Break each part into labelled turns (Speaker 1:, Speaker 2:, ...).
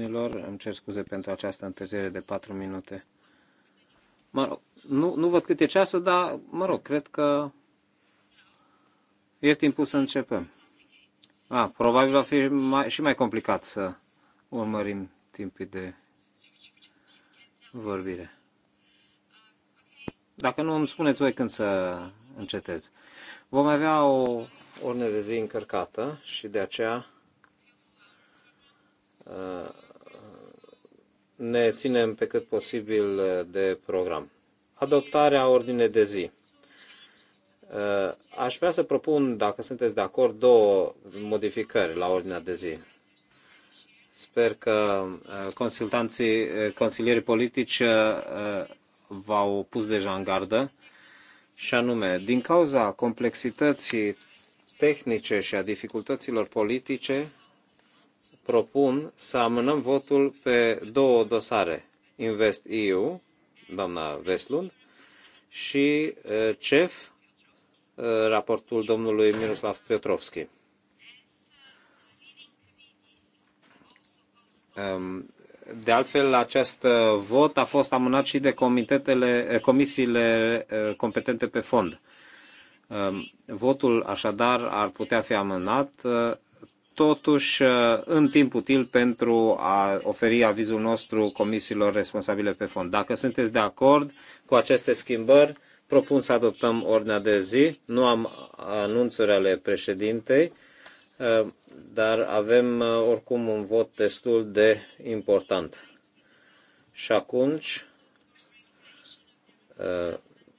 Speaker 1: domnilor, îmi cer scuze pentru această întârziere de 4 minute. Mă rog, nu, nu văd cât e ceasul, dar, mă rog, cred că e timpul să începem. A, probabil va fi mai, și mai complicat să urmărim timpul de vorbire. Dacă nu, îmi spuneți voi când să încetez. Vom avea o ordine de zi încărcată și de aceea uh, ne ținem pe cât posibil uh, de program. Adoptarea ordine de zi. Uh, aș vrea să propun, dacă sunteți de acord, două modificări la ordinea de zi. Sper că uh, consultanții, consilierii politici v-au pus deja în gardă și anume, din cauza complexității tehnice și a dificultăților politice, propun să amânăm votul pe două dosare, Invest EU, doamna Vestlund, și CEF, raportul domnului Miroslav Piotrovski. De altfel, acest vot a fost amânat și de comisiile competente pe fond. Votul, așadar, ar putea fi amânat totuși uh, în timp util pentru a oferi avizul nostru comisiilor responsabile pe fond. Dacă sunteți de acord cu aceste schimbări, propun să adoptăm ordinea de zi. Nu am anunțuri ale președintei, uh, dar avem uh, oricum un vot destul de important. Și atunci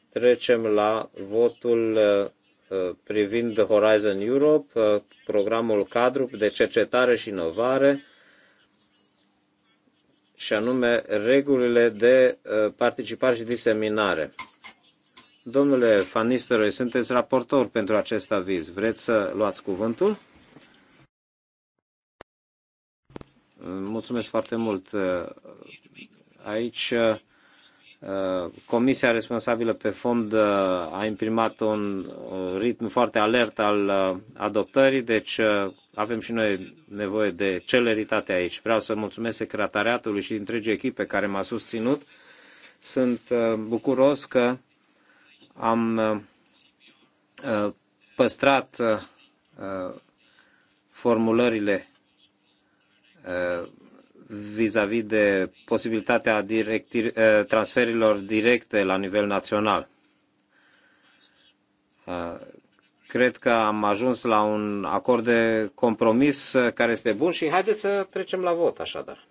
Speaker 1: trecem la votul Uh, privind Horizon Europe, uh, programul cadru de cercetare și inovare, și anume regulile de uh, participare și diseminare. Domnule Fanisteroi, sunteți raportor pentru acest aviz. Vreți să luați cuvântul? Mulțumesc foarte mult. Aici Uh, comisia responsabilă pe fond uh, a imprimat un uh, ritm foarte alert al adoptării, deci avem și noi nevoie de celeritate aici. Vreau să mulțumesc secretariatului și întregii echipe care m-a susținut. Sunt bucuros că am păstrat formulările vis-a-vis de posibilitatea directi, eh, transferilor directe la nivel național. Eh, cred că am ajuns la un acord de compromis eh, care este bun și haideți să trecem la vot așadar.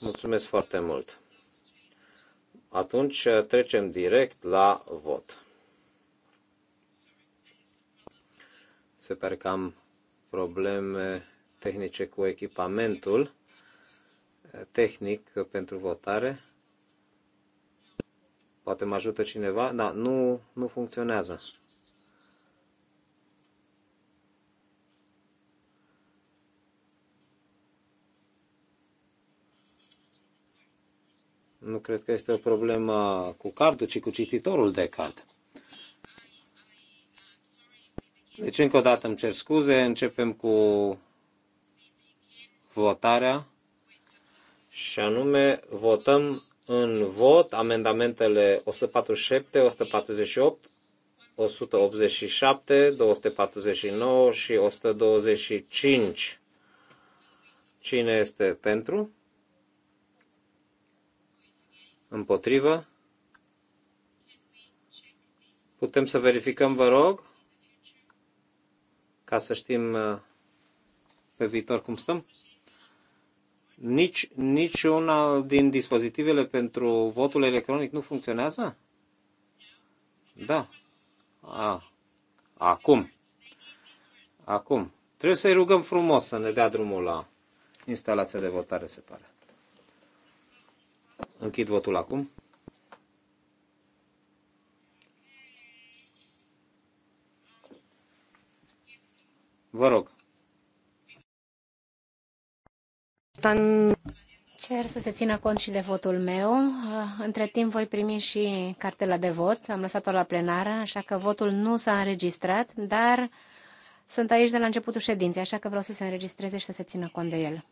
Speaker 1: Mulțumesc foarte mult. Atunci trecem direct la vot. Se pare că am probleme tehnice cu echipamentul eh, tehnic pentru votare. Poate mă ajută cineva? Da, nu, nu funcționează. Nu cred că este o problemă cu cardul, ci cu cititorul de card. Deci, încă o dată îmi cer scuze, începem cu votarea și anume votăm în vot amendamentele 147, 148, 187, 249 și 125. Cine este pentru? Împotrivă? Putem să verificăm, vă rog, ca să știm uh, pe viitor cum stăm? Nici, nici una din dispozitivele pentru votul electronic nu funcționează? Da. A. Acum. Acum. Trebuie să-i rugăm frumos să ne dea drumul la instalația de votare, se pare. Închid votul acum. Vă rog.
Speaker 2: Cer să se țină cont și de votul meu. Între timp voi primi și cartela de vot. Am lăsat-o la plenară, așa că votul nu s-a înregistrat, dar sunt aici de la începutul ședinței, așa că vreau să se înregistreze și să se țină cont de el.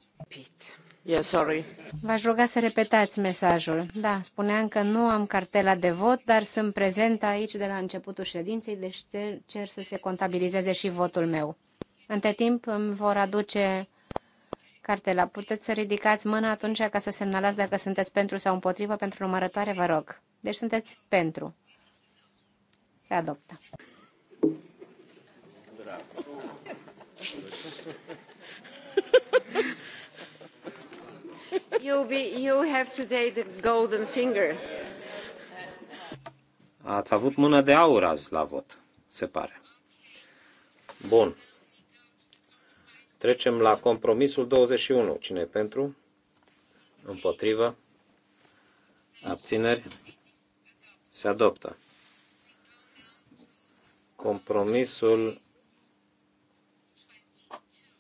Speaker 1: Yeah, sorry.
Speaker 2: V-aș ruga să repetați mesajul. Da, spuneam că nu am cartela de vot, dar sunt prezent aici de la începutul ședinței, deci cer să se contabilizeze și votul meu. Între timp îmi vor aduce cartela. Puteți să ridicați mâna atunci ca să semnalați dacă sunteți pentru sau împotrivă pentru numărătoare, vă rog. Deci sunteți pentru. Se adoptă. You, be, you have today the golden finger.
Speaker 1: Ați avut mână de aur azi la vot, se pare. Bun. Trecem la compromisul 21. Cine e pentru? Împotrivă? Abțineri? Se adoptă. Compromisul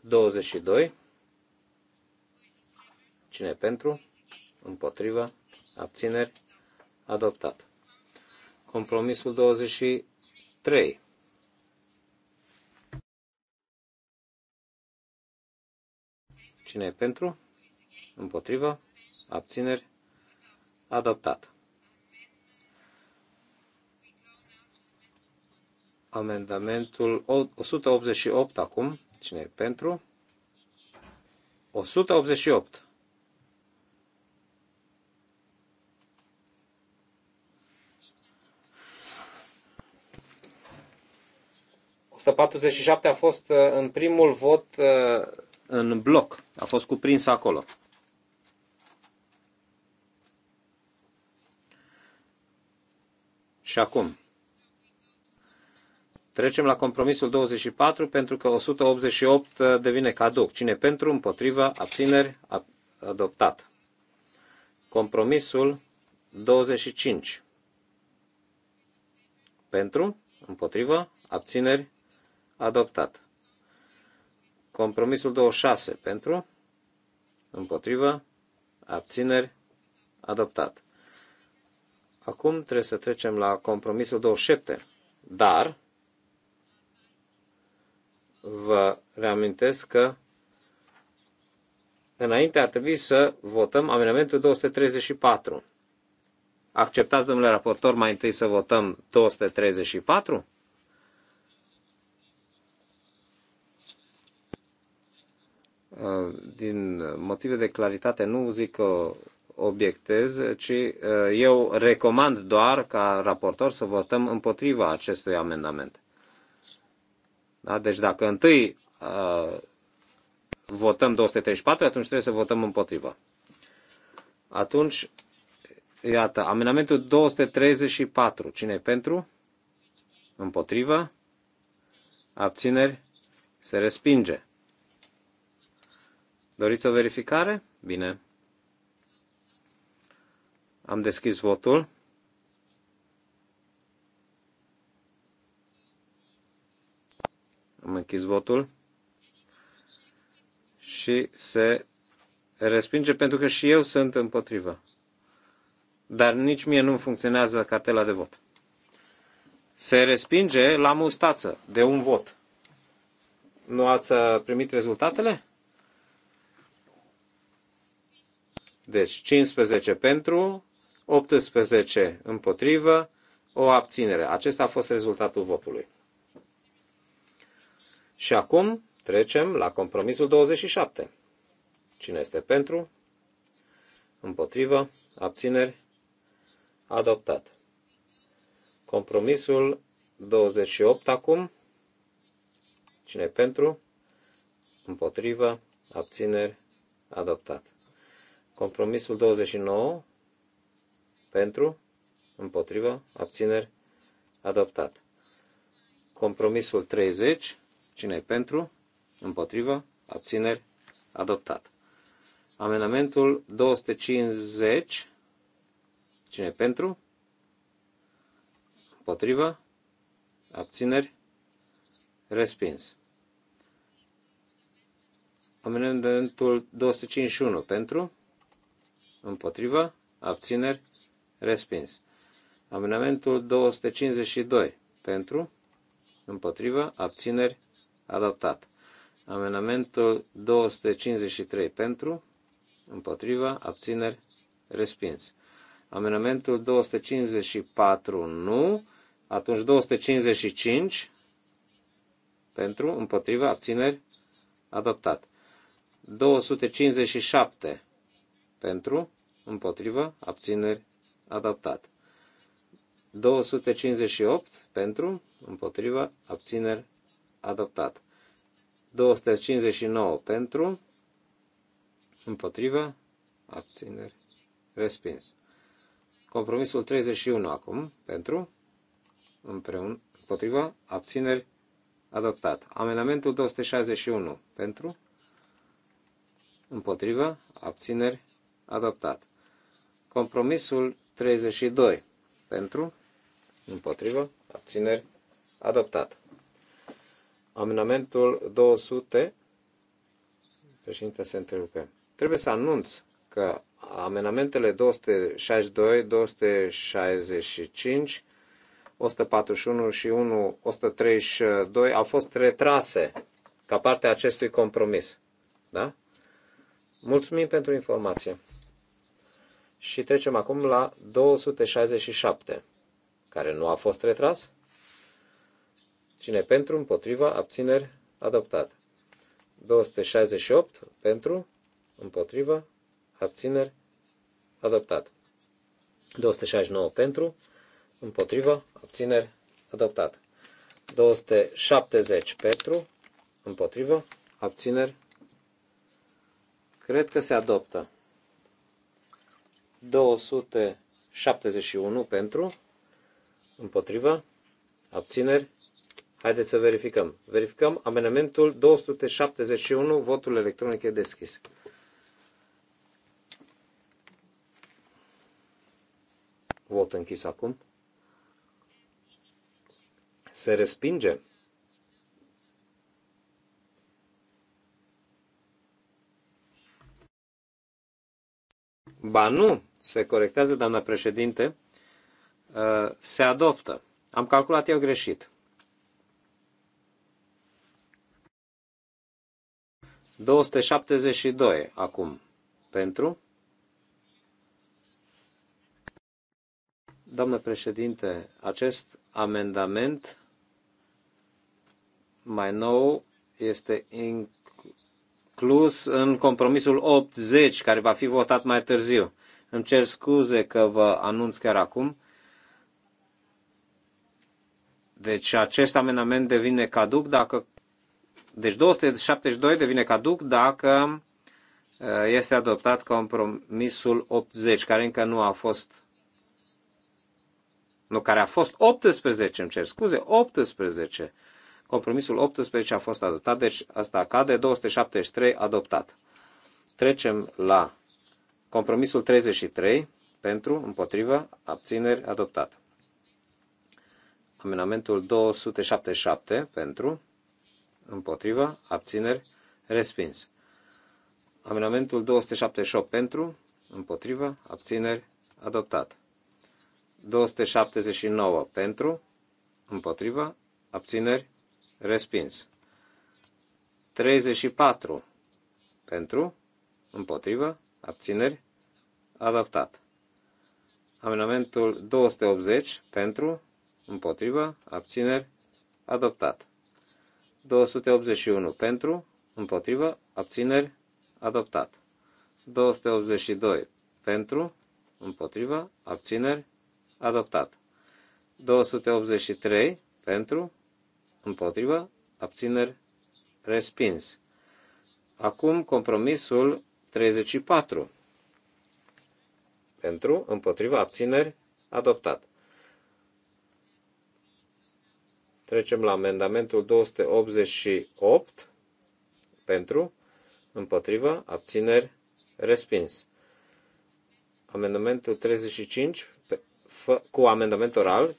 Speaker 1: 22. Cine pentru? Împotrivă? Abțineri? Adoptat. Compromisul 23. Cine e pentru? Împotrivă? Abțineri? Adoptat. Amendamentul 188 acum. Cine e pentru? 188. 147 a fost uh, în primul vot uh, în bloc. A fost cuprins acolo. Și acum. Trecem la compromisul 24 pentru că 188 uh, devine caduc. Cine pentru, împotriva, abțineri, adoptat. Compromisul 25. Pentru, împotrivă, abțineri, adoptat. Compromisul 26 pentru, împotrivă, abțineri, adoptat. Acum trebuie să trecem la compromisul 27, dar vă reamintesc că înainte ar trebui să votăm amendamentul 234. Acceptați, domnule raportor, mai întâi să votăm 234? Uh, din motive de claritate nu zic că obiectez, ci uh, eu recomand doar ca raportor să votăm împotriva acestui amendament. Da? Deci dacă întâi uh, votăm 234, atunci trebuie să votăm împotriva. Atunci, iată, amendamentul 234. Cine e pentru? Împotriva? Abțineri? Se respinge. Doriți o verificare? Bine. Am deschis votul. Am închis votul. Și se respinge pentru că și eu sunt împotrivă. Dar nici mie nu funcționează cartela de vot. Se respinge la mustață de un vot. Nu ați primit rezultatele? Deci 15 pentru, 18 împotrivă, o abținere. Acesta a fost rezultatul votului. Și acum trecem la compromisul 27. Cine este pentru? Împotrivă, abțineri, adoptat. Compromisul 28 acum. Cine pentru? Împotrivă, abțineri, adoptat. Compromisul 29 pentru, împotrivă, abțineri, adoptat. Compromisul 30, cine e pentru, împotrivă, abțineri, adoptat. Amenamentul 250, cine e pentru, împotrivă, abțineri, respins. Amendamentul 251 pentru, Împotrivă? Abțineri? Respins. Amendamentul 252. Pentru? Împotrivă? Abțineri? Adoptat. Amendamentul 253. Pentru? Împotrivă? Abțineri? Respins. Amendamentul 254. Nu. Atunci 255. Pentru? Împotrivă? Abțineri? Adoptat. 257 pentru, împotrivă, abțineri, adaptat 258 pentru, împotrivă, abțineri, adaptat 259 pentru, împotrivă, abțineri, respins. Compromisul 31 acum, pentru, împreună, împotriva abțineri, adoptat. Amendamentul 261 pentru, împotriva abțineri, adoptat. Compromisul 32 pentru, împotrivă, abțineri, adoptat. Amendamentul 200, președinte se întrerupe. Trebuie să anunț că amendamentele 262, 265, 141 și 1, 132 au fost retrase ca parte a acestui compromis. Da? Mulțumim pentru informație. Și trecem acum la 267, care nu a fost retras. Cine pentru, împotriva, abțineri, adoptat. 268 pentru, împotriva, abțineri, adoptat. 269 pentru, împotriva, abțineri, adoptat. 270 pentru, împotriva, abțineri, cred că se adoptă. 271 pentru, împotriva, abțineri. Haideți să verificăm. Verificăm amendamentul 271, votul electronic e deschis. Vot închis acum. Se respinge Ba nu, se corectează, doamna președinte, uh, se adoptă. Am calculat eu greșit. 272 acum pentru. Doamnă președinte, acest amendament mai nou este in, inclus în compromisul 80, care va fi votat mai târziu. Îmi cer scuze că vă anunț chiar acum. Deci acest amendament devine caduc dacă. Deci 272 devine caduc dacă uh, este adoptat compromisul 80, care încă nu a fost. Nu, care a fost 18, îmi cer scuze, 18 Compromisul 18 a fost adoptat, deci asta cade. 273 adoptat. Trecem la compromisul 33 pentru, împotrivă, abțineri adoptat. Amendamentul 277 pentru, împotrivă, abțineri respins. Amendamentul 278 pentru, împotrivă, abțineri adoptat. 279 pentru, împotrivă, abțineri Respins. 34 pentru, împotrivă, abțineri, adoptat. Amendamentul 280 pentru, împotrivă, abțineri, adoptat. 281 pentru, împotrivă, abțineri, adoptat. 282 pentru, împotrivă, abțineri, adoptat. 283 pentru, împotrivă, abțineri, respins. Acum compromisul 34. Pentru, împotriva, abțineri, adoptat. Trecem la amendamentul 288. Pentru, împotriva, abțineri, respins. Amendamentul 35 cu amendament oral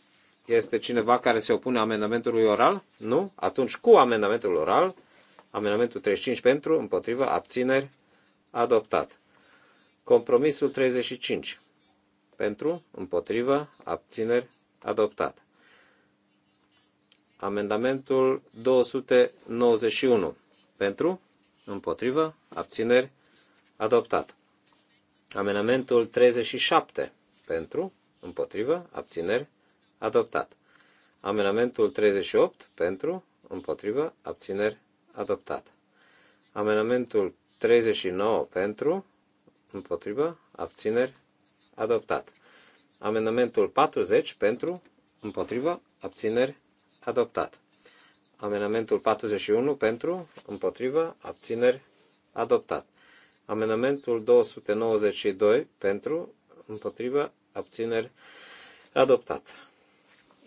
Speaker 1: este cineva care se opune amendamentului oral? Nu? Atunci cu amendamentul oral, amendamentul 35 pentru, împotrivă, abțineri, adoptat. Compromisul 35 pentru, împotrivă, abțineri, adoptat. Amendamentul 291 pentru, împotrivă, abțineri, adoptat. Amendamentul 37 pentru, împotrivă, abțineri, adoptat. Amenamentul 38 pentru, împotrivă, abțineri, adoptat. Amenamentul 39 pentru, împotrivă, abțineri, adoptat. Amenamentul 40 pentru, împotrivă, abțineri, adoptat. Amenamentul 41 pentru, împotrivă, abțineri, adoptat. Amenamentul 292 pentru, împotrivă, abțineri, adoptat.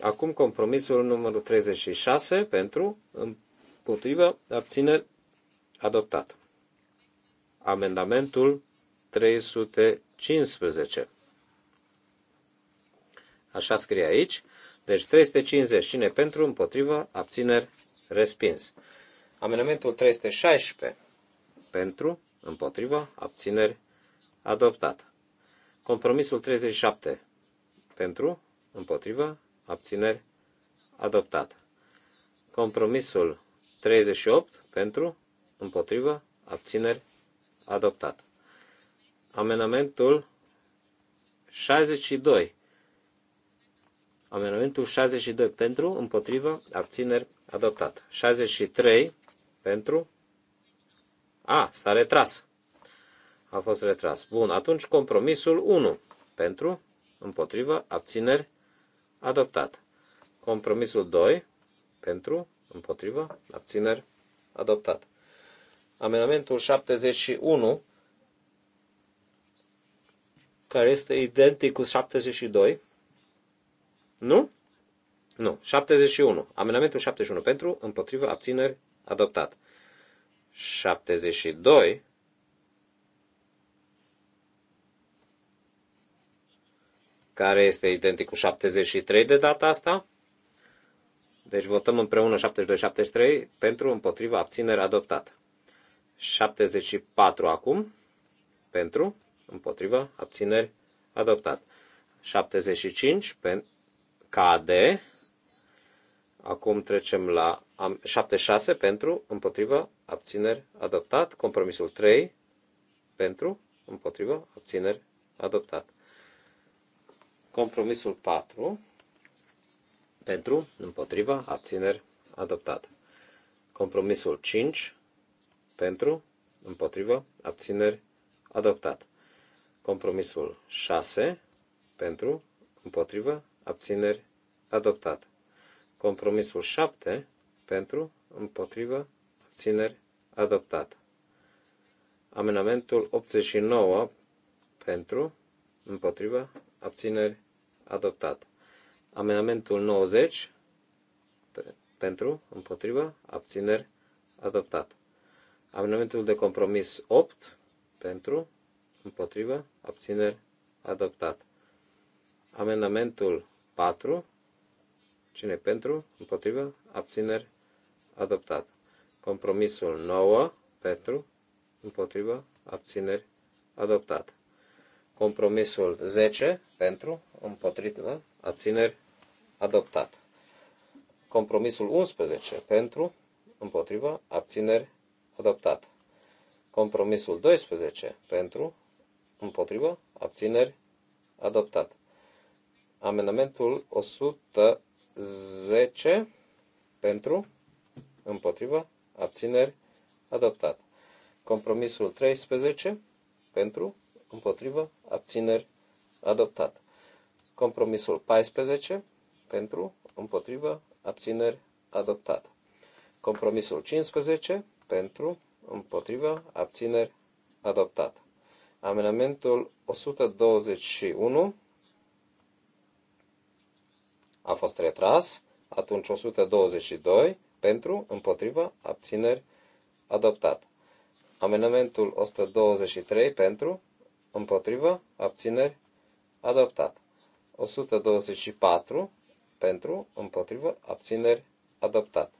Speaker 1: Acum compromisul numărul 36 pentru, împotrivă, abțineri, adoptat. Amendamentul 315. Așa scrie aici. Deci 350. Cine pentru, împotrivă, abțineri, respins. Amendamentul 316. Pentru, împotrivă, abțineri, adoptat. Compromisul 37. Pentru, împotrivă, abțineri, adoptat. Compromisul 38 pentru, împotrivă, abțineri, adoptat. Amenamentul 62. Amenamentul 62 pentru, împotrivă, abțineri, adoptat. 63 pentru, a, s-a retras. A fost retras. Bun, atunci compromisul 1 pentru, împotrivă, abțineri, adoptat. Compromisul 2 pentru, împotrivă, abțineri, adoptat. Amendamentul 71, care este identic cu 72, nu? Nu. 71. Amendamentul 71 pentru, împotrivă, abțineri, adoptat. 72 care este identic cu 73 de data asta. Deci votăm împreună 72-73 pentru împotriva abținere adoptat. 74 acum pentru împotriva abțineri adoptat. 75 pentru KD. Acum trecem la 76 pentru împotriva abțineri adoptat. Compromisul 3 pentru împotriva abțineri adoptat. Compromisul 4 pentru, împotriva, abțineri, adoptat. Compromisul 5 pentru, împotriva, abțineri, adoptat. Compromisul 6 pentru, împotriva, abțineri, adoptat. Compromisul 7 pentru, împotriva, abțineri, adoptat. Amenamentul 89 pentru, împotriva, abțineri, adoptat. Amendamentul 90, pentru, împotriva, abțineri, adoptat. Amendamentul de compromis 8, pentru, împotriva, abțineri, adoptat. Amendamentul 4, cine pentru, împotriva, abțineri, adoptat. Compromisul 9, pentru, împotriva, abțineri, adoptat. Compromisul 10 pentru, împotriva, abțineri, adoptat. Compromisul 11 pentru, împotriva, abțineri, adoptat. Compromisul 12 pentru, împotriva, abțineri, adoptat. Amendamentul 110 pentru, împotriva, abțineri, adoptat. Compromisul 13 pentru, împotrivă, abțineri, adoptat. Compromisul 14, pentru, împotrivă, abțineri, adoptat. Compromisul 15, pentru, împotrivă, abțineri, adoptat. Amendamentul 121 a fost retras, atunci 122 pentru, împotrivă, abțineri, adoptat. Amendamentul 123 pentru, împotrivă, abțineri, adoptat. 124 pentru, împotrivă, abțineri, adoptat.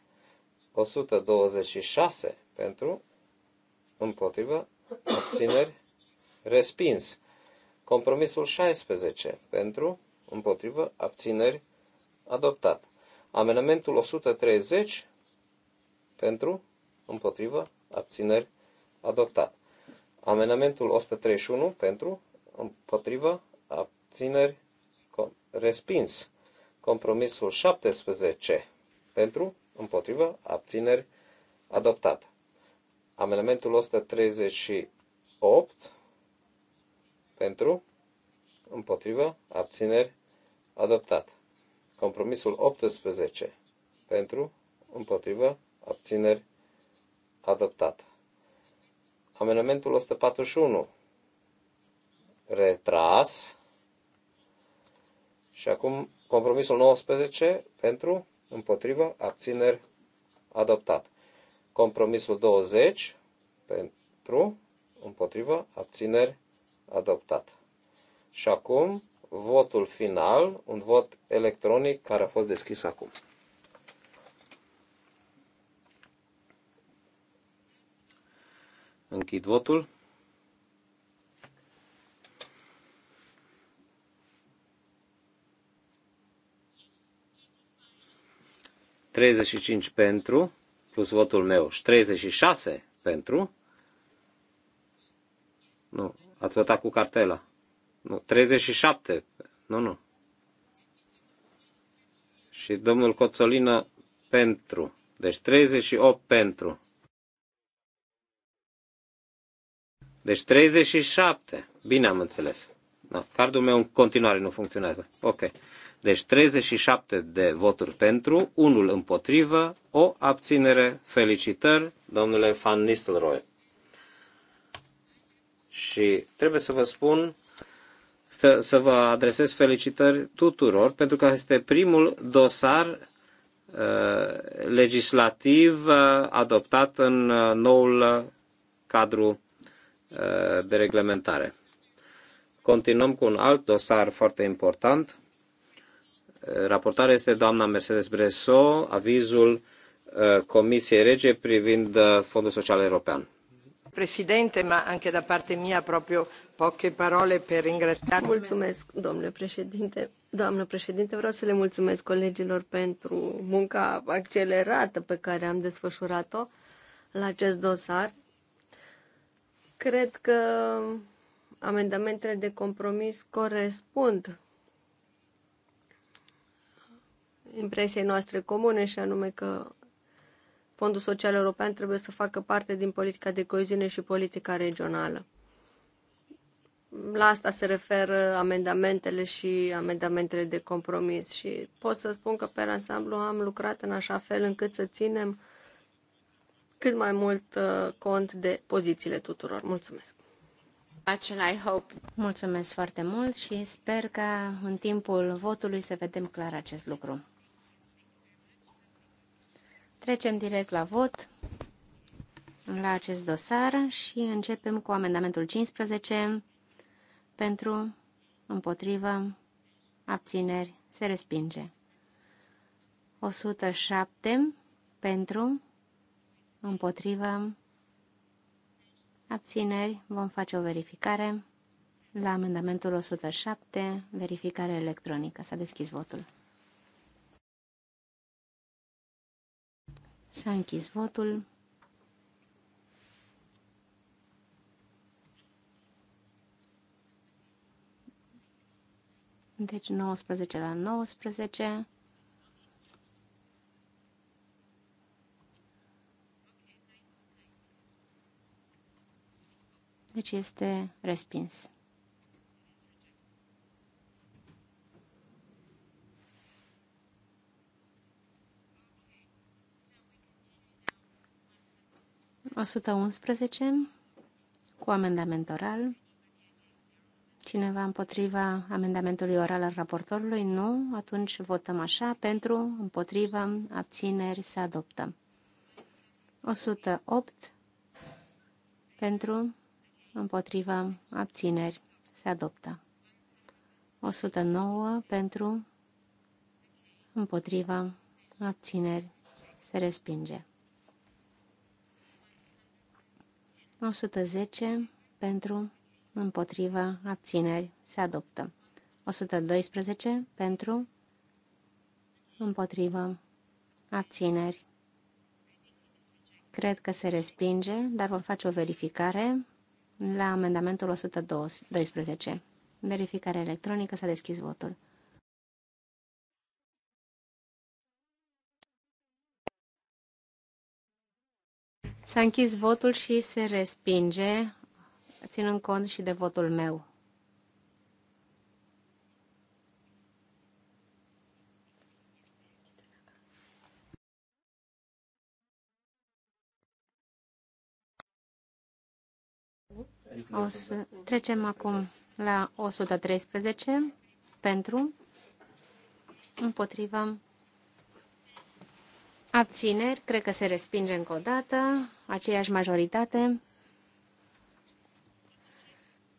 Speaker 1: 126 pentru, împotrivă, abțineri, respins. Compromisul 16 pentru, împotrivă, abțineri, adoptat. Amenamentul 130 pentru, împotrivă, abțineri, adoptat. Amenamentul 131 pentru, împotrivă, abțineri, respins. Compromisul 17 pentru, împotrivă, abțineri, adoptat. Amenamentul 138 pentru, împotrivă, abțineri, adoptat. Compromisul 18 pentru, împotrivă, abțineri, adoptat. Amendamentul 141 retras. Și acum compromisul 19 pentru, împotrivă, abțineri adoptat. Compromisul 20 pentru, împotrivă, abțineri adoptat. Și acum votul final, un vot electronic care a fost deschis acum. Închid votul. Treizeci și cinci pentru, plus votul meu, și treizeci și șase pentru. Nu, ați votat cu cartela. Nu, 37. Nu, nu. Și domnul Coțolină pentru. Deci 38 pentru. Deci 37. Bine am înțeles. Da, cardul meu în continuare nu funcționează. Ok. Deci 37 de voturi pentru, unul împotrivă, o abținere. Felicitări, domnule Van Nistelrooy. Și trebuie să vă spun, să, să vă adresez felicitări tuturor, pentru că este primul dosar uh, legislativ uh, adoptat în uh, noul uh, cadru Uh, de reglementare. Continuăm cu un alt dosar foarte important. Uh, raportarea este doamna Mercedes Bresso, avizul uh, Comisiei Rege privind Fondul Social European.
Speaker 3: Presidente, ma anche da parte mia proprio poche parole per ringraziarvi. Mulțumesc, domnule președinte. Doamnă președinte, vreau să le mulțumesc colegilor pentru munca accelerată pe care am desfășurat-o la acest dosar Cred că amendamentele de compromis corespund impresiei noastre comune și anume că Fondul Social European trebuie să facă parte din politica de coeziune și politica regională. La asta se referă amendamentele și amendamentele de compromis și pot să spun că pe ansamblu am lucrat în așa fel încât să ținem
Speaker 2: cât mai mult uh, cont de pozițiile tuturor. Mulțumesc! Mulțumesc foarte mult și sper ca în timpul votului să vedem clar acest lucru. Trecem direct la vot la acest dosar și începem cu amendamentul 15 pentru, împotrivă, abțineri, se respinge. 107 pentru, împotrivă, abțineri, vom face o verificare la amendamentul 107, verificare electronică. S-a deschis votul. S-a închis votul. Deci 19 la 19 Deci este respins. Osută unsprezece cu amendament oral. Cineva împotriva amendamentului oral al raportorului? Nu. Atunci votăm așa. Pentru, împotriva, abțineri, se adoptă. 108 pentru, împotriva, abțineri, se adoptă. 109 pentru, împotriva, abțineri, se respinge. 110 pentru, împotriva, abțineri, se adoptă. 112 pentru, împotriva, abțineri. Cred că se respinge, dar vom face o verificare la amendamentul 112. Verificare electronică, s-a deschis votul. S-a închis votul și se respinge, ținând cont și de votul meu.
Speaker 1: O să trecem
Speaker 2: acum la 113 pentru, împotriva, abțineri, cred că se respinge încă o dată, aceeași majoritate.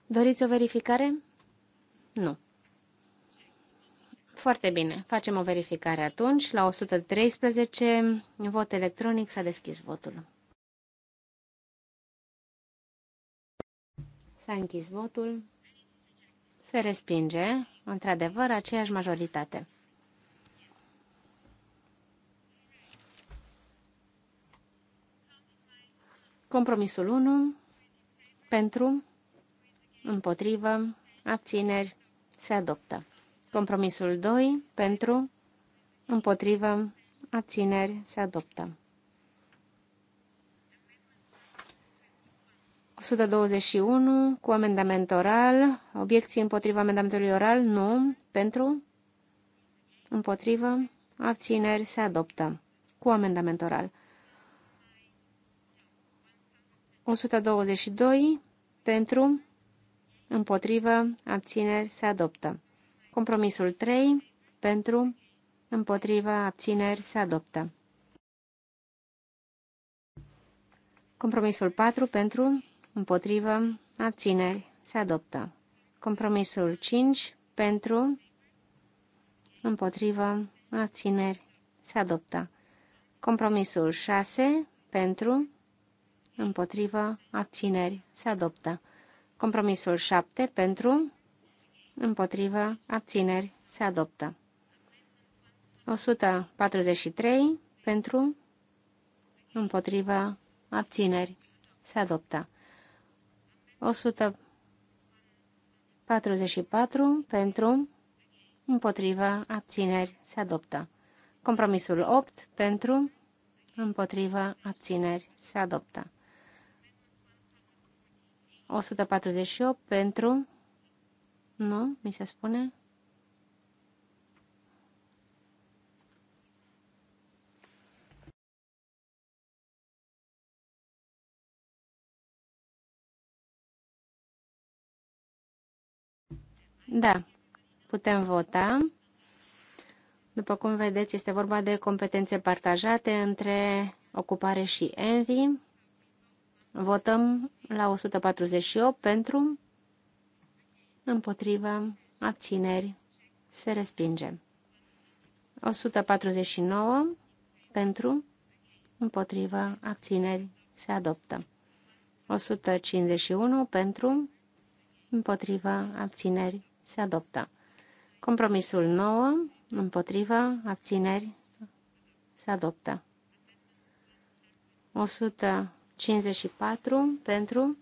Speaker 2: Doriți o verificare? Nu. Foarte bine, facem o verificare atunci. La 113, vot electronic, s-a deschis votul. S-a închis votul. Se respinge, într-adevăr, aceeași majoritate. Compromisul 1, pentru, împotrivă, abțineri, se adoptă. Compromisul 2, pentru, împotrivă, abțineri, se adoptă. 121 cu amendament oral. Obiecții împotriva amendamentului oral? Nu. Pentru? Împotrivă? Abțineri? Se adoptă. Cu amendament oral. 122 pentru, împotrivă, abțineri, se adoptă. Compromisul 3 pentru, împotrivă, abțineri, se adoptă. Compromisul 4 pentru, împotrivă, abțineri, se adoptă. Compromisul 5 pentru, împotrivă, abțineri, se adoptă. Compromisul 6 pentru, împotrivă, abțineri, se adoptă. Compromisul 7 pentru, împotrivă, abțineri, se adoptă. 143 pentru, împotrivă, abțineri, se adoptă. 144 pentru, împotriva, abțineri, se adoptă. Compromisul 8 pentru, împotriva, abțineri, se adoptă. 148 pentru, nu, mi se spune, Da, putem vota. După cum vedeți, este vorba de competențe partajate între ocupare și envi. Votăm la 148 pentru, împotrivă, abțineri, se respinge. 149 pentru, împotrivă, abțineri, se adoptă. 151 pentru, împotrivă, abțineri, se adoptă. Compromisul 9, împotriva, abțineri, se adoptă. 154 pentru,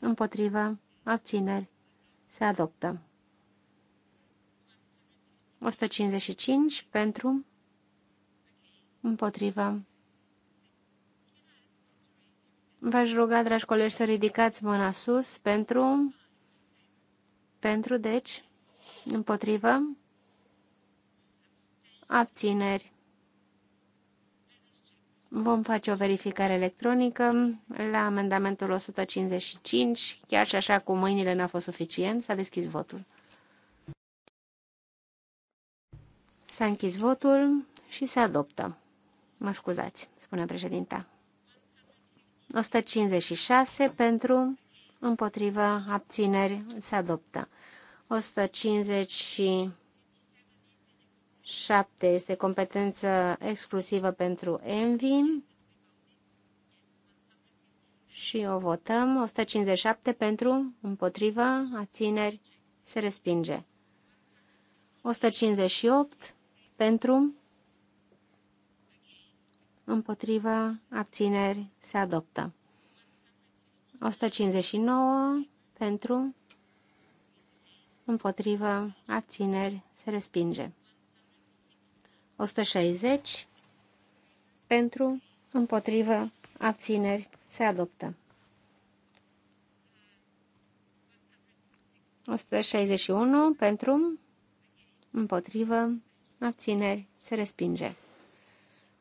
Speaker 2: împotriva, abțineri, se adoptă. 155 pentru, împotriva. V-aș ruga, dragi colegi, să ridicați mâna sus pentru, pentru, deci, împotrivă, abțineri. Vom face o verificare electronică la amendamentul 155, chiar și așa cu mâinile n-a fost suficient, s-a deschis votul. S-a închis votul și se adoptă. Mă scuzați, spune președinta. 156 pentru împotrivă, abțineri, se adoptă. 157 este competență exclusivă pentru ENVI și o votăm. 157 pentru, împotrivă, abțineri, se respinge. 158 pentru, împotrivă, abțineri, se adoptă. 159 pentru, împotrivă, abțineri, se respinge. 160 pentru, împotrivă, abțineri, se adoptă. 161 pentru, împotrivă, abțineri, se respinge.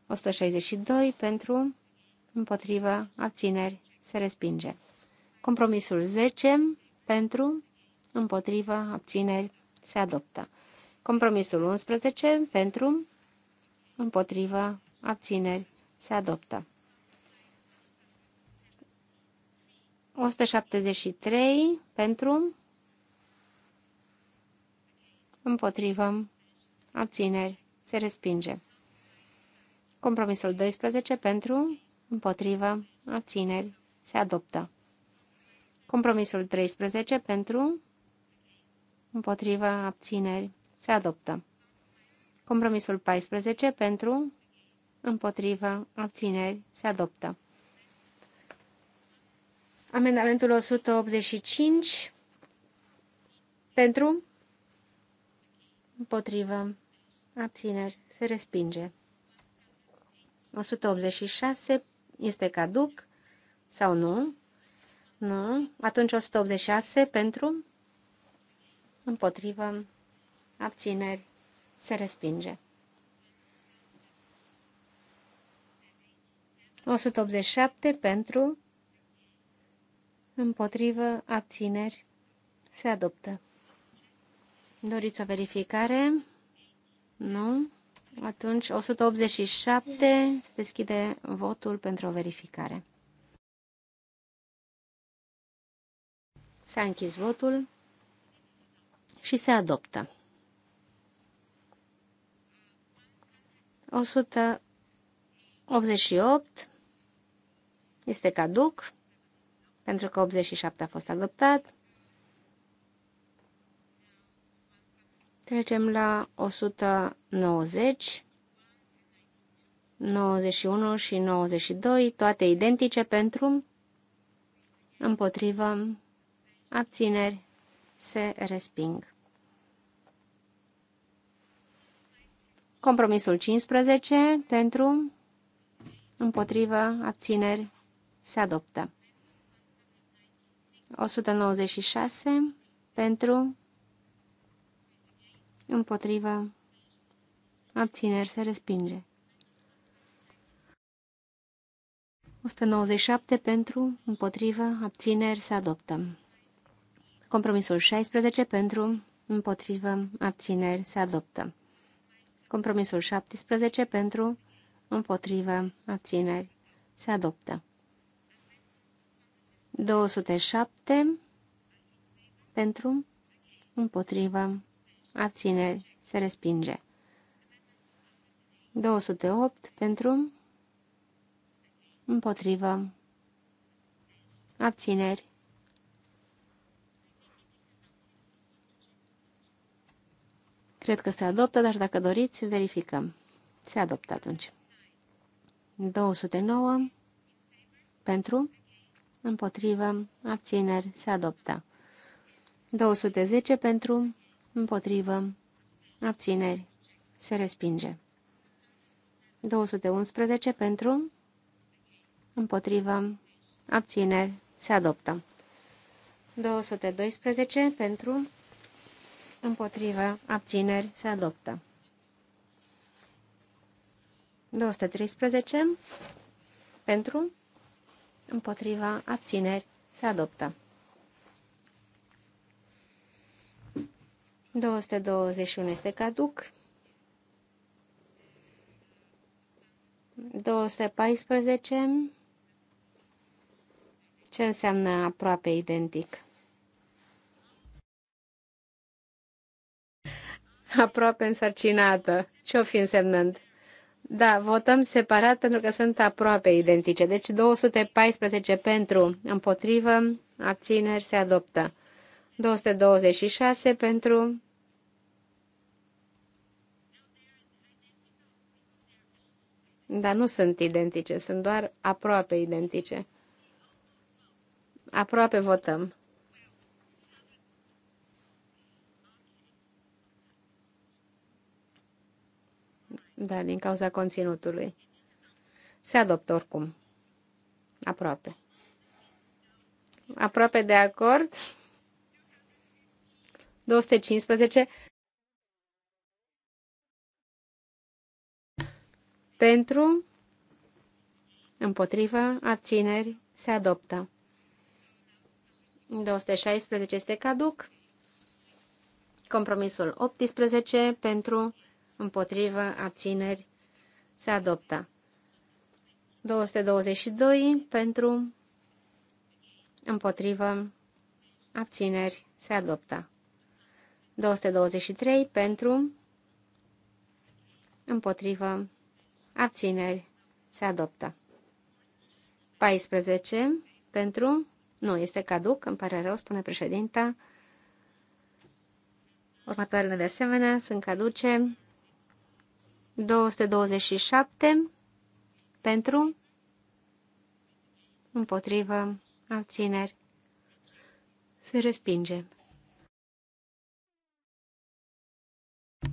Speaker 2: 162 pentru, împotrivă, abțineri, se respinge. Compromisul 10 pentru, împotrivă, abțineri, se adoptă. Compromisul 11 pentru, împotrivă, abțineri, se adoptă. 173 pentru, împotrivă, abțineri, se respinge. Compromisul 12 pentru, împotrivă, abțineri, se adoptă. Compromisul 13 pentru, împotriva abțineri se adoptă. Compromisul 14 pentru, împotriva abțineri se adoptă. Amendamentul 185 pentru, împotriva abțineri se respinge. 186 este caduc sau nu? Nu. Atunci 186 pentru, împotrivă, abțineri, se respinge. 187 pentru, împotrivă, abțineri, se adoptă. Doriți o verificare? Nu? Atunci 187 se deschide votul pentru o verificare. S-a închis votul și se adoptă. 188 este caduc, pentru că 87 a fost adoptat. Trecem la 190, 91 și 92, toate identice pentru, împotrivă, abțineri, se resping. Compromisul 15 pentru, împotrivă, abțineri, se adoptă. 196 pentru, împotrivă, abțineri, se respinge. 197 pentru, împotrivă, abțineri, se adoptă. Compromisul 16 pentru, împotrivă, abțineri se adoptă. Compromisul 17 pentru, împotrivă, abțineri se adoptă. 207 pentru, împotrivă, abțineri se respinge. 208 pentru, împotrivă, abțineri Cred că se adoptă, dar dacă doriți, verificăm. Se adoptă atunci. 209 pentru, împotrivă, abțineri, se adoptă. 210 pentru, împotrivă, abțineri, se respinge. 211 pentru, împotrivă, abțineri, se adoptă. 212 pentru, împotrivă, abțineri, se adoptă. 213 pentru, împotriva, abțineri, se adoptă. 221 este caduc. 214 ce înseamnă aproape identic. aproape însărcinată. Ce-o fi însemnând? Da, votăm separat pentru că sunt aproape identice. Deci 214 pentru, împotrivă, abțineri se adoptă. 226 pentru, Dar nu sunt identice, sunt doar aproape identice. Aproape votăm. da, din cauza conținutului. Se adoptă oricum. Aproape. Aproape de acord. 215. Pentru, împotriva, abțineri, se adoptă. 216 este caduc. Compromisul 18 pentru împotrivă, abțineri, se adoptă. 222 pentru, împotrivă, abțineri, se adoptă. 223 pentru, împotrivă, abțineri, se adoptă. 14 pentru, nu, este caduc, îmi pare rău, spune președinta. Următoarele de asemenea sunt caduce. 227 pentru, împotrivă, abțineri, se respinge.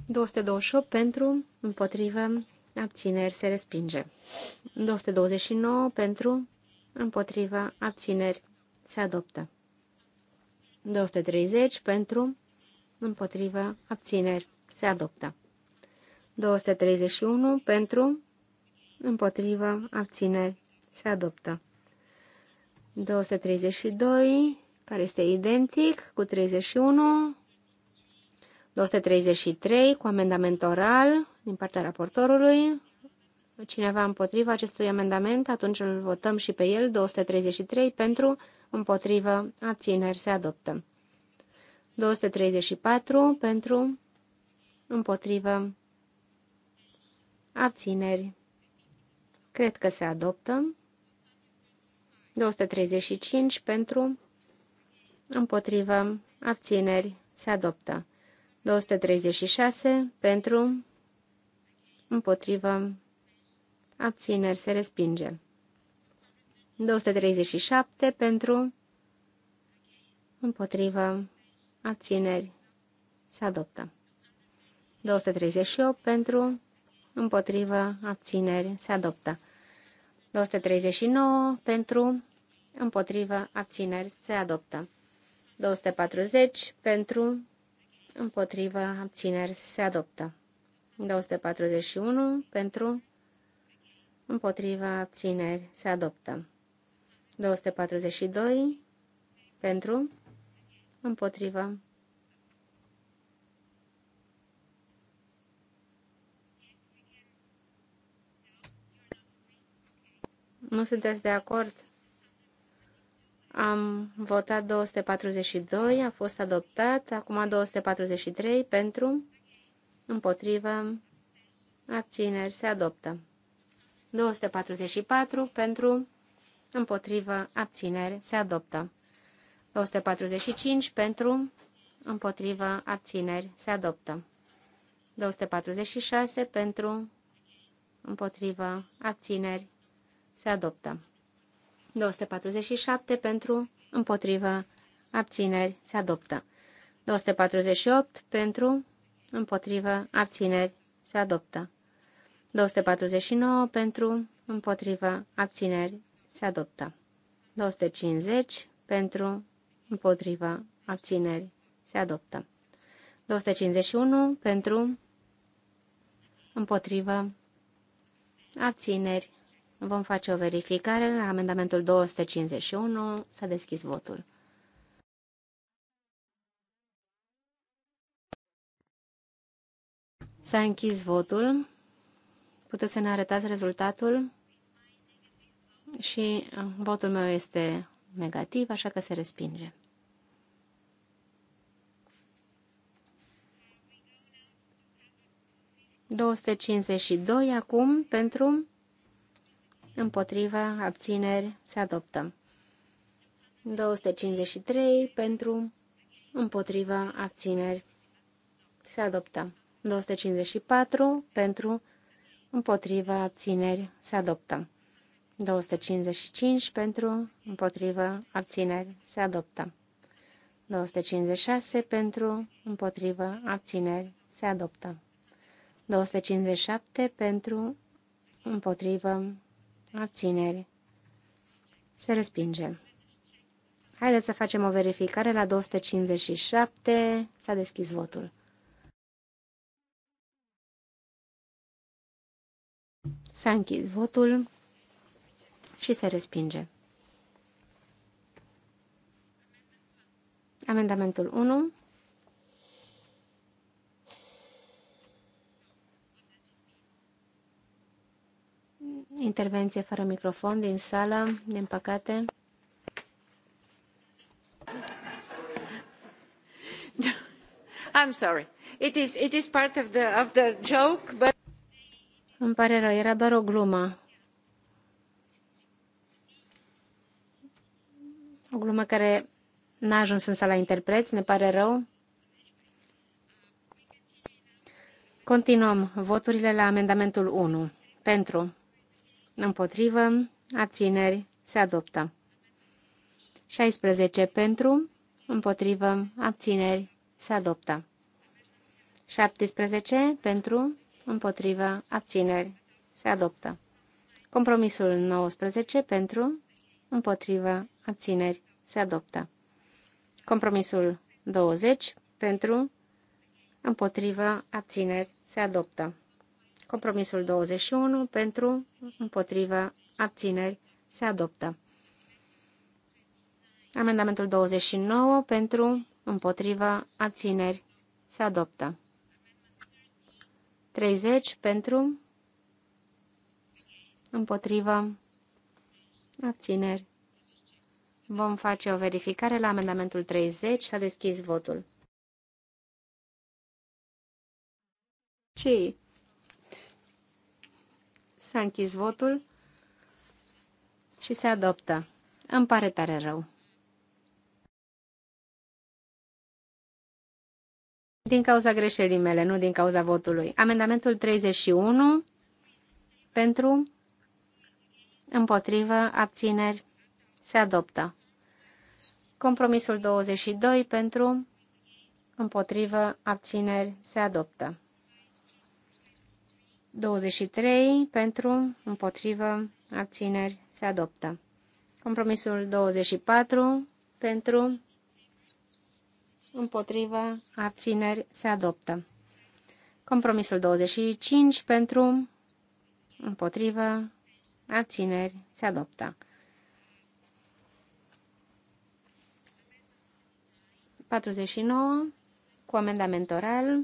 Speaker 2: 228 pentru, împotrivă, abțineri, se respinge. 229 pentru, împotrivă, abțineri, se adoptă. 230 pentru, împotrivă, abțineri, se adoptă. 231 pentru, împotrivă, abțineri, se adoptă. 232, care este identic cu 31, 233 cu amendament oral din partea raportorului. Cineva împotriva acestui amendament, atunci îl votăm și pe el. 233 pentru, împotrivă, abțineri, se adoptă. 234 pentru, împotrivă, Abțineri. Cred că se adoptă. 235 pentru, împotrivă, abțineri, se adoptă. 236 pentru, împotrivă, abțineri, se respinge. 237 pentru, împotrivă, abțineri, se adoptă. 238 pentru, împotrivă, abțineri, se adoptă. 239 pentru, împotrivă, abțineri, se adoptă. 240 pentru, împotrivă, abțineri, se adoptă. 241 pentru, împotrivă, abțineri, se adoptă. 242 pentru, împotrivă, Nu sunteți de acord? Am votat 242, a fost adoptat, acum 243 pentru, împotrivă, abțineri, se adoptă. 244 pentru, împotrivă, abțineri, se adoptă. 245 pentru, împotrivă, abțineri, se adoptă. 246 pentru, împotrivă, abțineri, se adoptă. 247 pentru, împotrivă, abțineri, se adoptă. 248 pentru, împotrivă, abțineri, se adoptă. 249 pentru, împotrivă, abțineri, se adoptă. 250 pentru, împotrivă, abțineri, se adoptă. 251 pentru, împotrivă, abțineri, Vom face o verificare la amendamentul 251. S-a deschis votul. S-a închis votul. Puteți să ne arătați rezultatul. Și uh, votul meu este negativ, așa că se respinge. Doi acum pentru împotriva, abțineri, se adoptă. 253 pentru, împotriva, abțineri, se adoptă. 254 pentru, împotriva, abțineri, se adoptă. 255 pentru, împotriva, abțineri, se adoptă. 256 pentru, împotriva, abțineri, se adoptă. 257 pentru, împotrivă, Abțineri. Se respinge. Haideți să facem o verificare la 257. S-a deschis votul. S-a închis votul și se respinge. Amendamentul 1 Intervenție fără microfon din sală, din păcate. I'm sorry. It is, it is part of the, of the joke, but... Îmi pare rău, era doar o glumă. O glumă care n-a ajuns în sala interpreți, ne pare rău. Continuăm voturile la amendamentul 1. Pentru împotrivă, abțineri, se adoptă. 16 pentru, împotrivă, abțineri, se adoptă. 17 pentru, împotrivă, abțineri, se adoptă. Compromisul 19 pentru, împotrivă, abțineri, se adoptă. Compromisul 20 pentru, împotrivă, abțineri, se adoptă. Compromisul 21 pentru, împotrivă, abțineri, se adoptă. Amendamentul 29 pentru, împotrivă, abțineri, se adoptă. 30 pentru, împotrivă, abțineri. Vom face o verificare la amendamentul 30. S-a deschis votul. Cei S-a închis votul și se adoptă. Îmi pare tare rău. Din cauza greșelii mele, nu din cauza votului. Amendamentul 31 pentru, împotrivă, abțineri, se adoptă. Compromisul 22 pentru, împotrivă, abțineri, se adoptă. 23 pentru, împotrivă, abțineri, se adoptă. Compromisul 24 pentru, împotrivă, abțineri, se adoptă. Compromisul 25 pentru, împotrivă, abțineri, se adoptă. 49 cu amendament oral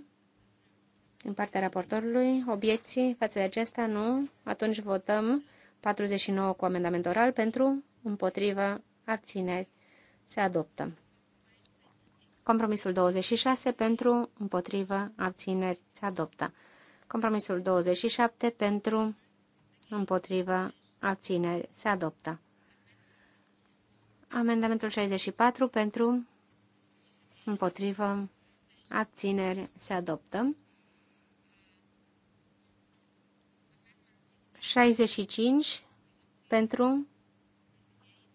Speaker 2: din partea raportorului. Obiecții față de acesta? Nu. Atunci votăm 49 cu amendament oral pentru, împotrivă, abțineri. Se adoptă. Compromisul 26 pentru, împotrivă, abțineri. Se adoptă. Compromisul 27 pentru, împotrivă, abțineri. Se adoptă. Amendamentul 64 pentru, împotrivă, abțineri. Se adoptă. 65 pentru,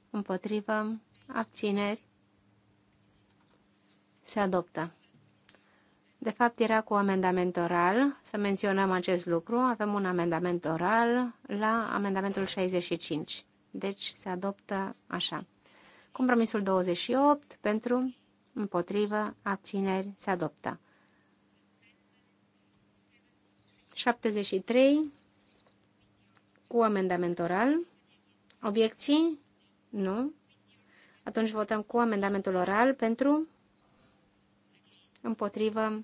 Speaker 2: împotrivă, abțineri, se adoptă. De fapt, era cu amendament oral, să menționăm acest lucru. Avem un amendament oral la amendamentul 65. Deci se adoptă așa. Compromisul 28 pentru, împotrivă, abțineri, se adoptă. 73 cu amendament oral. Obiecții? Nu. Atunci votăm cu amendamentul oral pentru, împotrivă,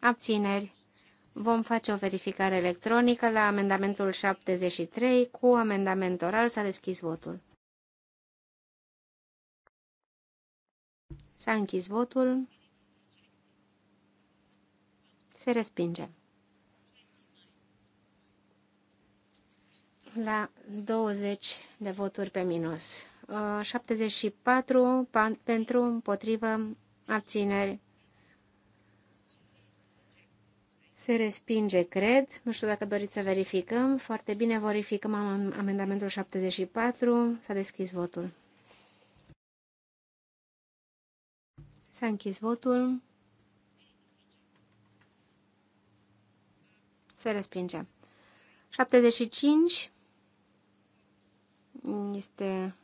Speaker 2: abțineri. Vom face o verificare electronică la amendamentul 73 cu amendament oral. S-a deschis votul. S-a închis votul. Se respinge. la 20 de voturi pe minus. 74 uh, pentru, împotrivă, abțineri. Se respinge, cred. Nu știu dacă doriți să verificăm. Foarte bine, verificăm amendamentul 74. S-a deschis votul. S-a închis votul. Se respinge. 75 este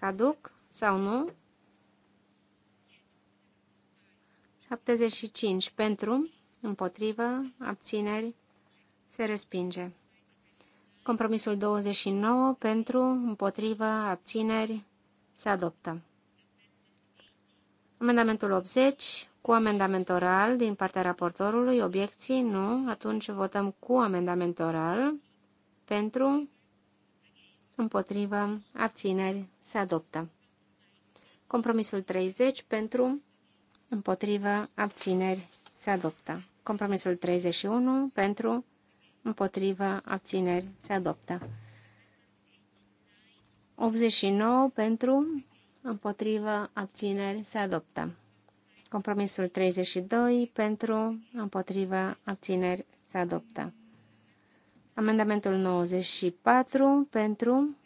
Speaker 2: caduc sau nu. 75 pentru, împotrivă, abțineri, se respinge. Compromisul 29 pentru, împotrivă, abțineri, se adoptă. Amendamentul 80 cu amendament oral din partea raportorului, obiecții, nu, atunci votăm cu amendament oral pentru, împotrivă, abțineri, se adoptă. Compromisul 30 pentru, împotrivă, abțineri, se adoptă. Compromisul 31 pentru, împotrivă, abțineri, se adoptă. 89 pentru, împotrivă, abțineri, se adoptă. Compromisul 32 pentru, împotrivă, abțineri, se adoptă. Amendamentul 94 pentru,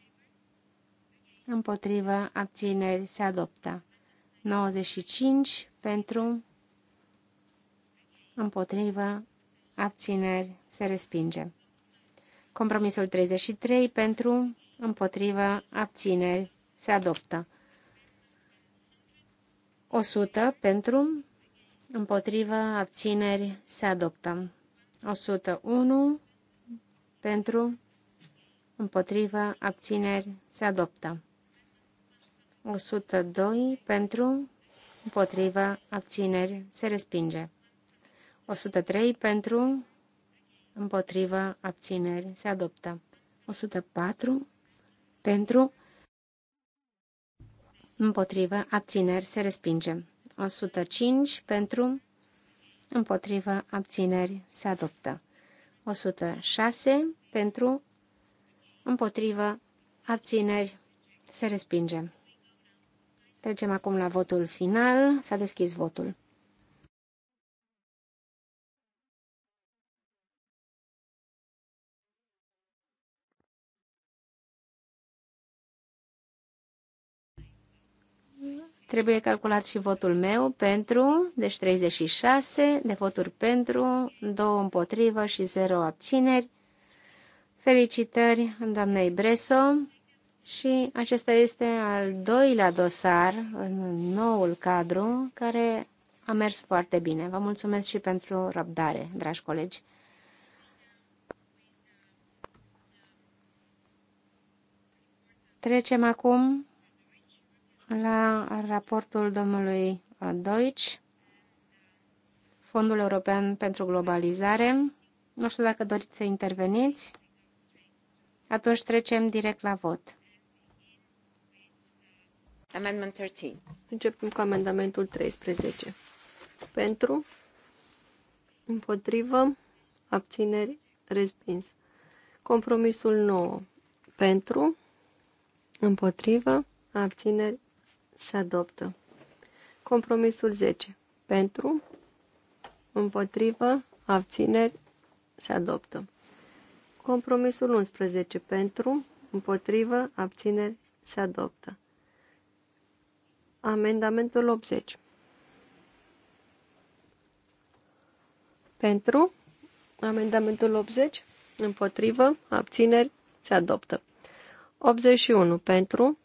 Speaker 2: împotrivă, abțineri, se adoptă. 95 pentru, împotrivă, abțineri, se respinge. Compromisul 33 pentru, împotrivă, abțineri, se adoptă. 100 pentru, împotrivă, abțineri, se adoptă. 101 pentru, împotriva, abțineri, se adoptă. 102 pentru, împotriva, abțineri, se respinge. 103 pentru, împotriva, abțineri, se adoptă. 104 pentru, împotriva, abțineri, se respinge. 105 pentru, împotriva, abțineri, se adoptă. 106 pentru, împotrivă, abțineri, se respinge. Trecem acum la votul final. S-a deschis votul. Trebuie calculat și votul meu pentru, deci 36 de voturi pentru, 2 împotrivă și 0 abțineri. Felicitări doamnei Breso și acesta este al doilea dosar în noul cadru care a mers foarte bine. Vă mulțumesc și pentru răbdare, dragi colegi. Trecem acum la raportul domnului uh, Deutsch, Fondul European pentru Globalizare. Nu știu dacă doriți să interveniți. Atunci trecem direct la vot. Amendment 13. Începem cu amendamentul 13.
Speaker 3: Pentru, împotrivă, abțineri, respins. Compromisul 9. Pentru, împotrivă, abțineri, se adoptă. Compromisul 10. Pentru, împotrivă, abțineri, se adoptă. Compromisul 11. Pentru, împotrivă, abțineri, se adoptă. Amendamentul 80. Pentru, amendamentul 80, împotrivă, abțineri, se adoptă. 81. Pentru,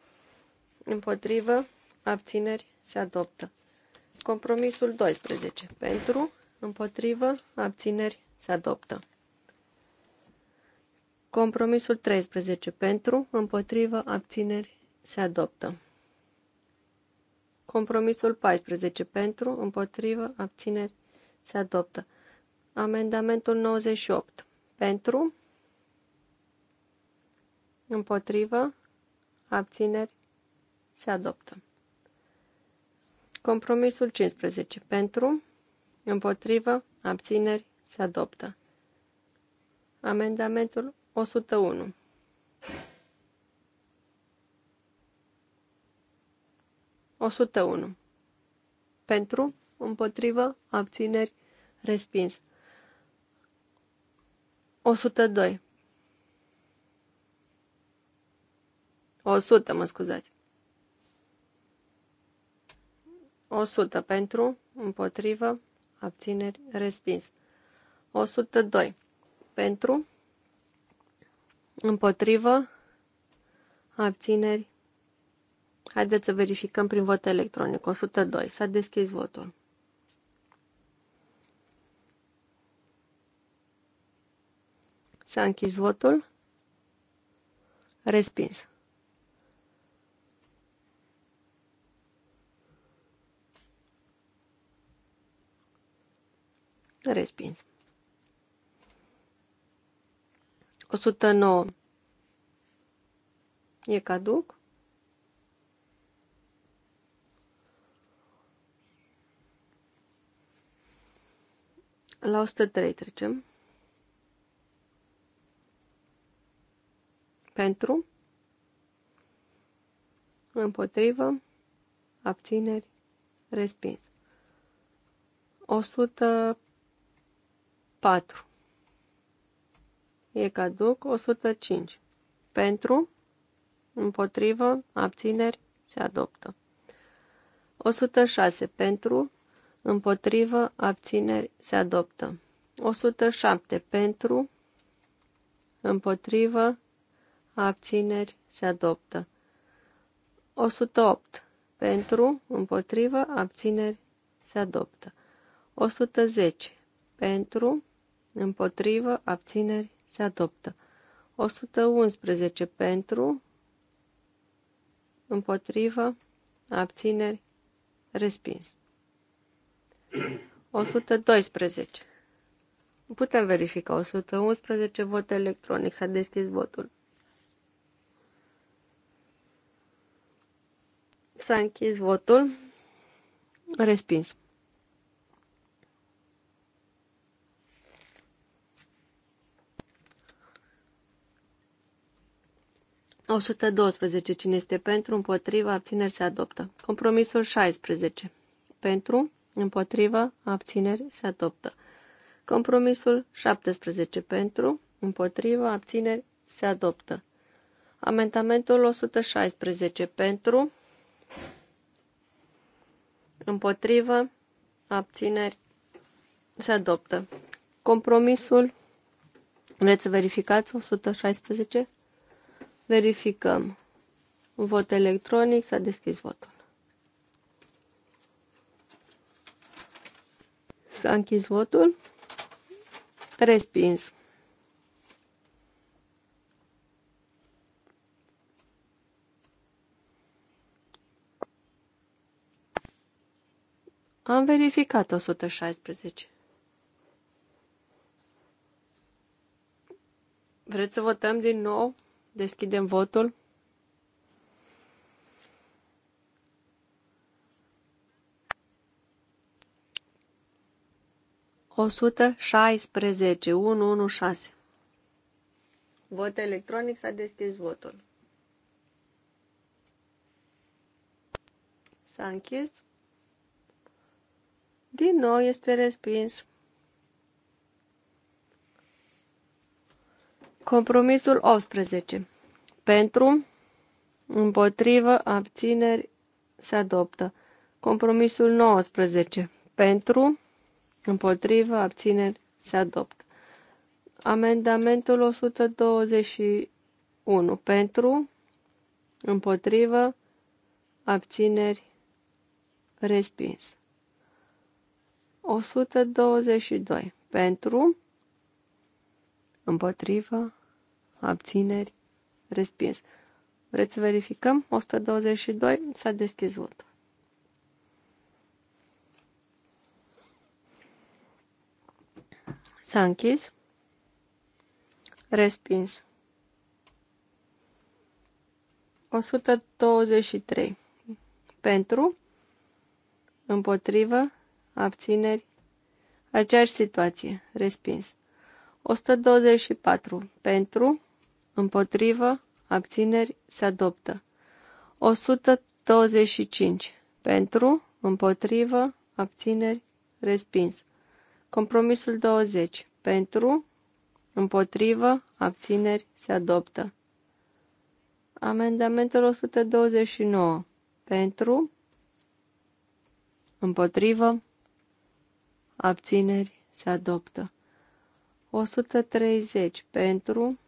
Speaker 3: împotrivă, abțineri, se adoptă. Compromisul 12. Pentru, împotrivă, abțineri, se adoptă. Compromisul 13. Pentru, împotrivă, abțineri, se adoptă. Compromisul 14. Pentru, împotrivă, abțineri, se adoptă. Amendamentul 98. Pentru, împotrivă, abțineri, se adoptă. Compromisul 15. Pentru, împotrivă, abțineri, se adoptă. Amendamentul 101. 101, Pentru, împotrivă, abțineri, respins. 102. 100, mă scuzați. 100 pentru, împotrivă, abțineri, respins. 102 pentru, împotrivă, abțineri. Haideți să verificăm prin vot electronic. 102. S-a deschis votul. S-a închis votul. Respins. Respins. 109. E caduc? La 103 trecem. Pentru. Împotrivă. Abțineri. Respins. 100 4. E caduc 105. Pentru, împotrivă, abțineri, se adoptă. 106. Pentru, împotrivă, abțineri, se adoptă. 107. Pentru, împotrivă, abțineri, se adoptă. 108. Pentru, împotrivă, abțineri, se adoptă. 110. Pentru, împotrivă, abțineri, se adoptă. 111 pentru, împotrivă, abțineri, respins. 112. Putem verifica 111 vot electronic. S-a deschis votul. S-a închis votul. Respins. 112. Cine este pentru, împotriva, abțineri se adoptă. Compromisul 16. Pentru, împotriva, abțineri se adoptă. Compromisul 17. Pentru, împotriva, abțineri se adoptă. Amendamentul 116. Pentru, împotrivă, abțineri se adoptă. Compromisul, vreți să verificați 116? Verificăm. Vot electronic, s-a deschis votul. S-a închis votul. Respins. Am verificat 116. Vreți să votăm din nou? Deschidem votul. O unu, șase. Vot electronic, s-a deschis votul. S-a închis. Din nou este respins. Compromisul 18. Pentru, împotrivă, abțineri, se adoptă. Compromisul 19. Pentru, împotrivă, abțineri, se adoptă. Amendamentul 121. Pentru, împotrivă, abțineri, respins. 122. Pentru, împotrivă, abțineri, respins. Vreți să verificăm? 122 s-a deschis votul. S-a închis. Respins. 123. Pentru, împotrivă, abțineri, aceeași situație, respins. 124. Pentru, împotrivă, abțineri, se adoptă. 125. Pentru, împotrivă, abțineri, respins. Compromisul 20. Pentru, împotrivă, abțineri, se adoptă. Amendamentul 129. Pentru, împotrivă, abțineri, se adoptă. 130. Pentru,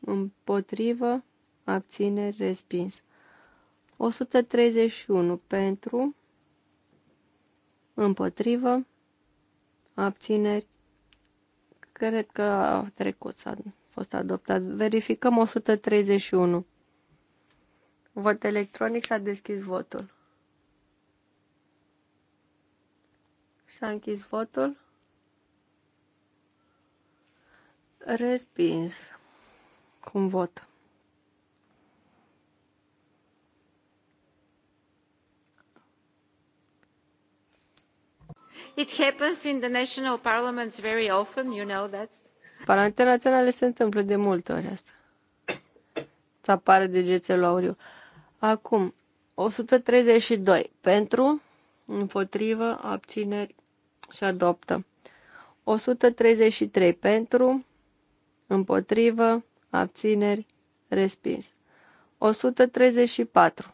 Speaker 3: împotrivă, abțineri, respins. 131 pentru, împotrivă, abțineri, cred că a trecut, a fost adoptat. Verificăm 131. Vot electronic s-a deschis votul. S-a închis votul. Respins cu un vot.
Speaker 2: It happens in the national parliaments very often, you know that.
Speaker 3: Parlamentele naționale se întâmplă de multe ori asta. Să apare degețelul auriu. Acum, 132. Pentru, împotrivă, abțineri și adoptă. 133. Pentru, împotrivă, abțineri, respins. 134.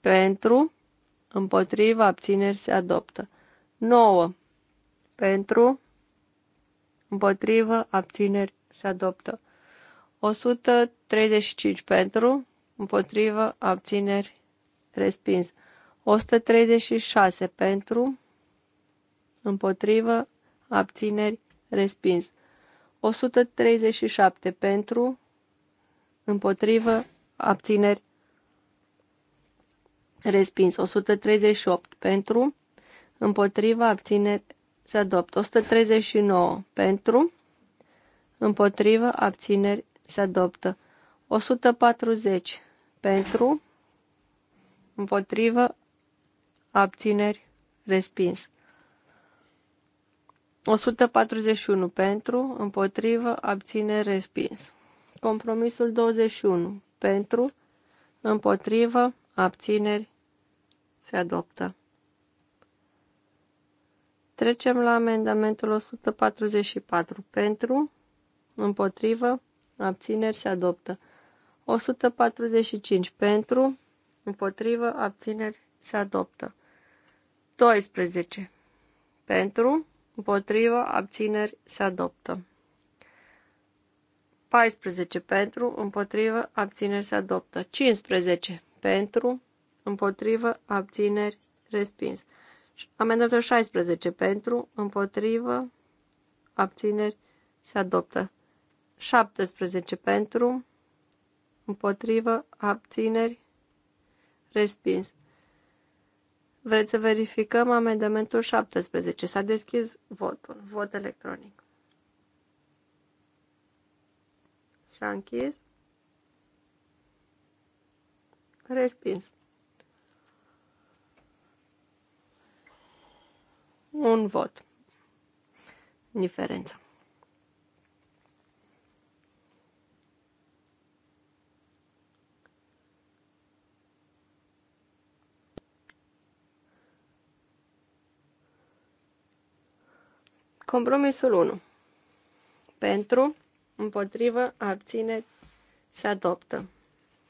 Speaker 3: Pentru, împotriva, abțineri, se adoptă. 9. Pentru, împotriva abțineri, se adoptă. 135 pentru, împotriva abțineri, respins. 136 pentru, împotriva abțineri, respins. 137 pentru, împotrivă, abțineri, respins. 138 pentru, împotrivă, abțineri, se adoptă. 139 pentru, împotrivă, abțineri, se adoptă. 140 pentru, împotrivă, abțineri, respins. 141 pentru, împotrivă, abține, respins. Compromisul 21 pentru, împotrivă, abțineri, se adoptă. Trecem la amendamentul 144 pentru, împotrivă, abțineri, se adoptă. 145 pentru, împotrivă, abțineri, se adoptă. 12 pentru, Împotrivă, abțineri, se adoptă. 14 pentru, împotrivă, abțineri, se adoptă. 15 pentru, împotrivă, abțineri, respins. Amendamentul 16 pentru, împotrivă, abțineri, se adoptă. 17 pentru, împotrivă, abțineri, respins. Vreți să verificăm amendamentul 17. S-a deschis votul. Vot electronic. S-a închis. Respins. Un vot. Diferență. Compromisul 1. Pentru, împotrivă, abține, se adoptă.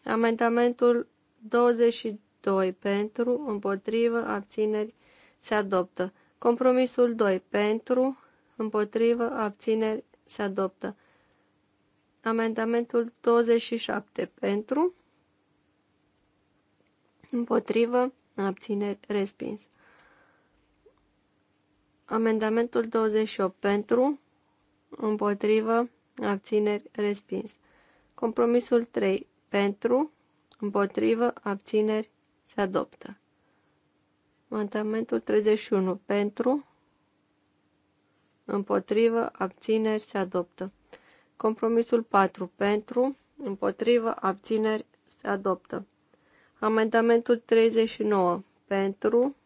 Speaker 3: Amendamentul 22. Pentru, împotrivă, abțineri, se adoptă. Compromisul 2. Pentru, împotrivă, abțineri, se adoptă. Amendamentul 27. Pentru, împotrivă, abțineri, respins. Amendamentul 28 pentru, împotrivă, abțineri, respins. Compromisul 3 pentru, împotrivă, abțineri, se adoptă. Amendamentul 31 pentru, împotrivă, abțineri, se adoptă. Compromisul 4 pentru, împotrivă, abțineri, se adoptă. Amendamentul 39 pentru,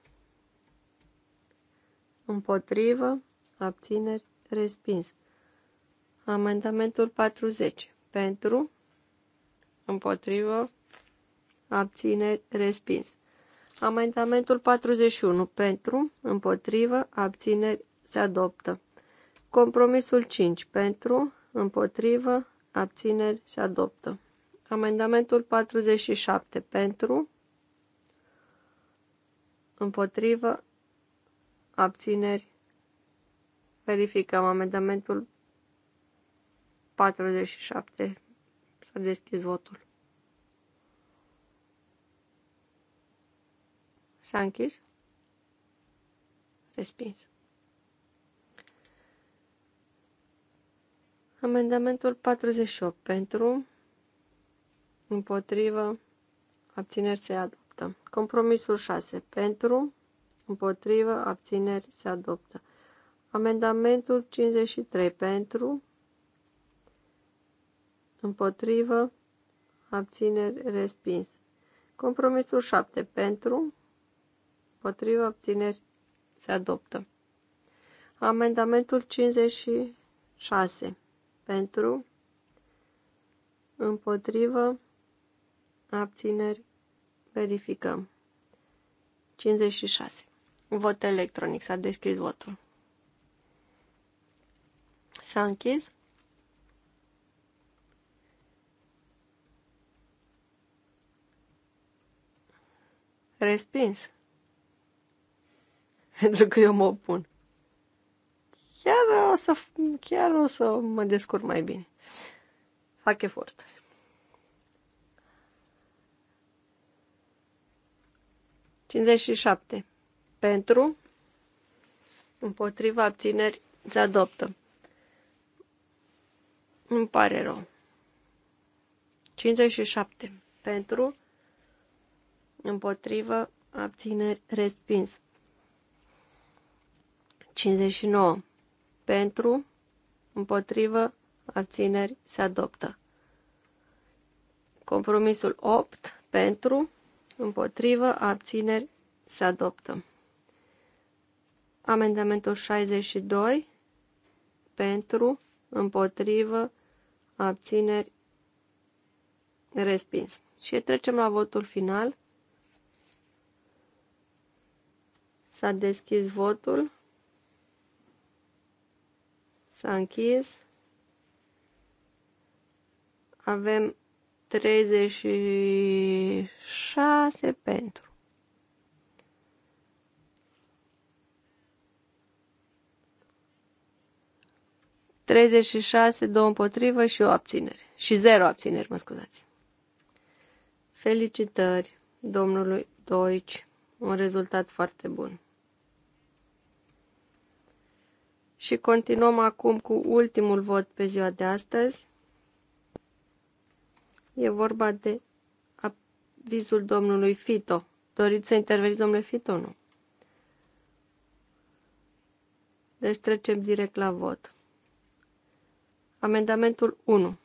Speaker 3: împotrivă, abțineri, respins. Amendamentul 40, pentru, împotrivă, abțineri, respins. Amendamentul 41, pentru, împotrivă, abțineri, se adoptă. Compromisul 5, pentru, împotrivă, abțineri, se adoptă. Amendamentul 47, pentru, împotrivă, abțineri. Verificăm amendamentul 47. S-a deschis votul. S-a închis? Respins. Amendamentul 48 pentru, împotrivă, abțineri se adoptă. Compromisul 6 pentru, Împotrivă, abțineri, se adoptă. Amendamentul 53 pentru, împotrivă, abțineri, respins. Compromisul 7 pentru, împotrivă, abțineri, se adoptă. Amendamentul 56 pentru, împotrivă, abțineri, verificăm. 56. Vot electronic. S-a deschis votul. S-a închis. Respins. Pentru că eu mă opun. Chiar o să, chiar o să mă descurc mai bine. Fac efort. Cinzeci și șapte. Pentru, împotriva abțineri, se adoptă. Îmi pare rău. 57. Pentru, împotrivă, abțineri, respins. 59. Pentru, împotrivă, abțineri, se adoptă. Compromisul 8. Pentru, împotrivă, abțineri, se adoptă. Amendamentul 62 pentru, împotrivă, abțineri, respins. Și trecem la votul final. S-a deschis votul. S-a închis. Avem 36 pentru. 36, 2 împotrivă și o abținere. Și 0 abțineri, mă scuzați. Felicitări domnului Deutsch. Un rezultat foarte bun. Și continuăm acum cu ultimul vot pe ziua de astăzi. E vorba de avizul domnului Fito. Doriți să interveniți, domnule Fito? Nu. Deci trecem direct la vot. Amendamentul 1.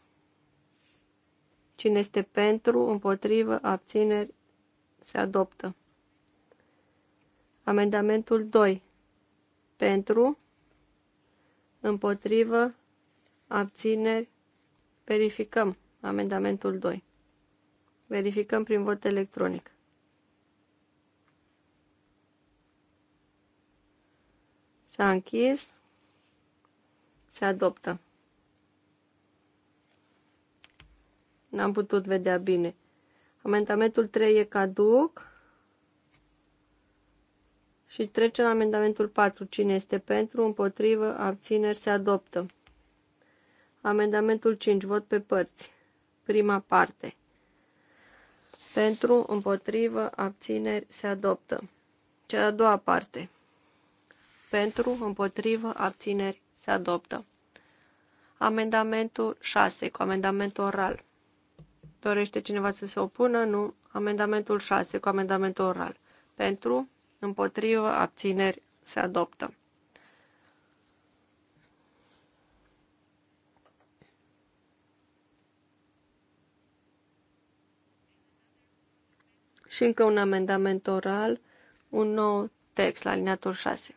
Speaker 3: Cine este pentru, împotrivă, abțineri, se adoptă. Amendamentul 2. Pentru, împotrivă, abțineri, verificăm. Amendamentul 2. Verificăm prin vot electronic. S-a închis. Se adoptă. N-am putut vedea bine. Amendamentul 3 e caduc. Și trecem la amendamentul 4. Cine este pentru, împotrivă, abțineri, se adoptă. Amendamentul 5. Vot pe părți. Prima parte. Pentru, împotrivă, abțineri, se adoptă. Cea a doua parte. Pentru, împotrivă, abțineri, se adoptă. Amendamentul 6, cu amendament oral. Dorește cineva să se opună? Nu. Amendamentul 6 cu amendamentul oral. Pentru, împotrivă, abțineri, se adoptă. Și încă un amendament oral, un nou text la alineatul 6.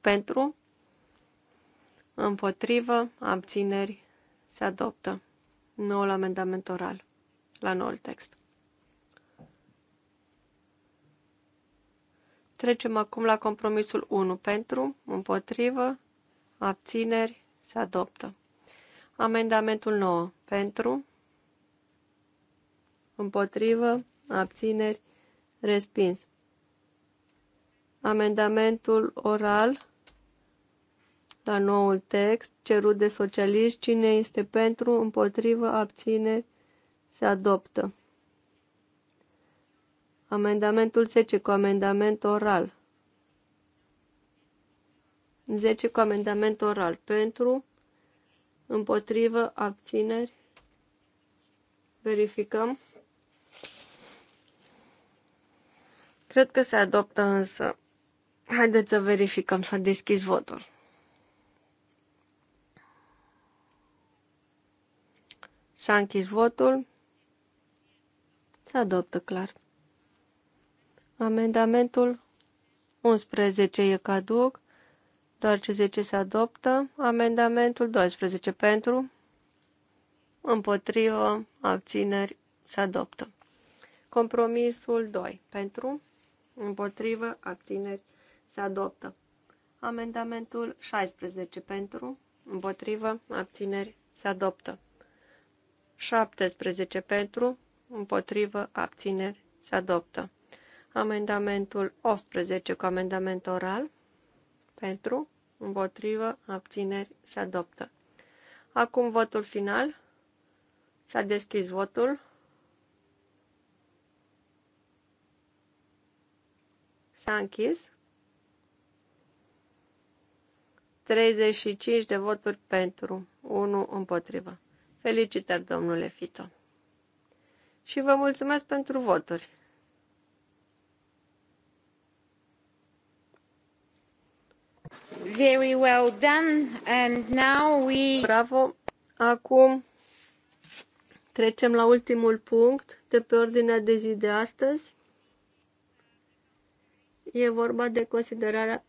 Speaker 3: Pentru, împotrivă, abțineri, se adoptă noul amendament oral la noul text. Trecem acum la compromisul 1 pentru, împotrivă, abțineri, se adoptă. Amendamentul 9 pentru, împotrivă, abțineri, respins. Amendamentul oral la noul text cerut de socialiști. Cine este pentru, împotrivă, abține, se adoptă. Amendamentul 10 cu amendament oral. 10 cu amendament oral. Pentru, împotrivă, abțineri. Verificăm. Cred că se adoptă însă. Haideți să verificăm. S-a deschis votul. S-a închis votul. Se adoptă clar. Amendamentul 11 e caduc, doar ce 10 se adoptă. Amendamentul 12 pentru, împotrivă, abțineri, se adoptă. Compromisul 2 pentru, împotrivă, abțineri, se adoptă. Amendamentul 16 pentru, împotrivă, abțineri, se adoptă. 17 pentru, împotrivă, abțineri, se adoptă. Amendamentul 18 cu amendament oral, pentru, împotrivă, abțineri, se adoptă. Acum votul final. S-a deschis votul. S-a închis. 35 de voturi pentru, 1 împotrivă. Felicitări, domnule Fito. Și vă mulțumesc
Speaker 2: pentru voturi. Very well done. And now we...
Speaker 3: Bravo. Acum trecem la ultimul punct de pe ordinea de zi de astăzi. E vorba de considerarea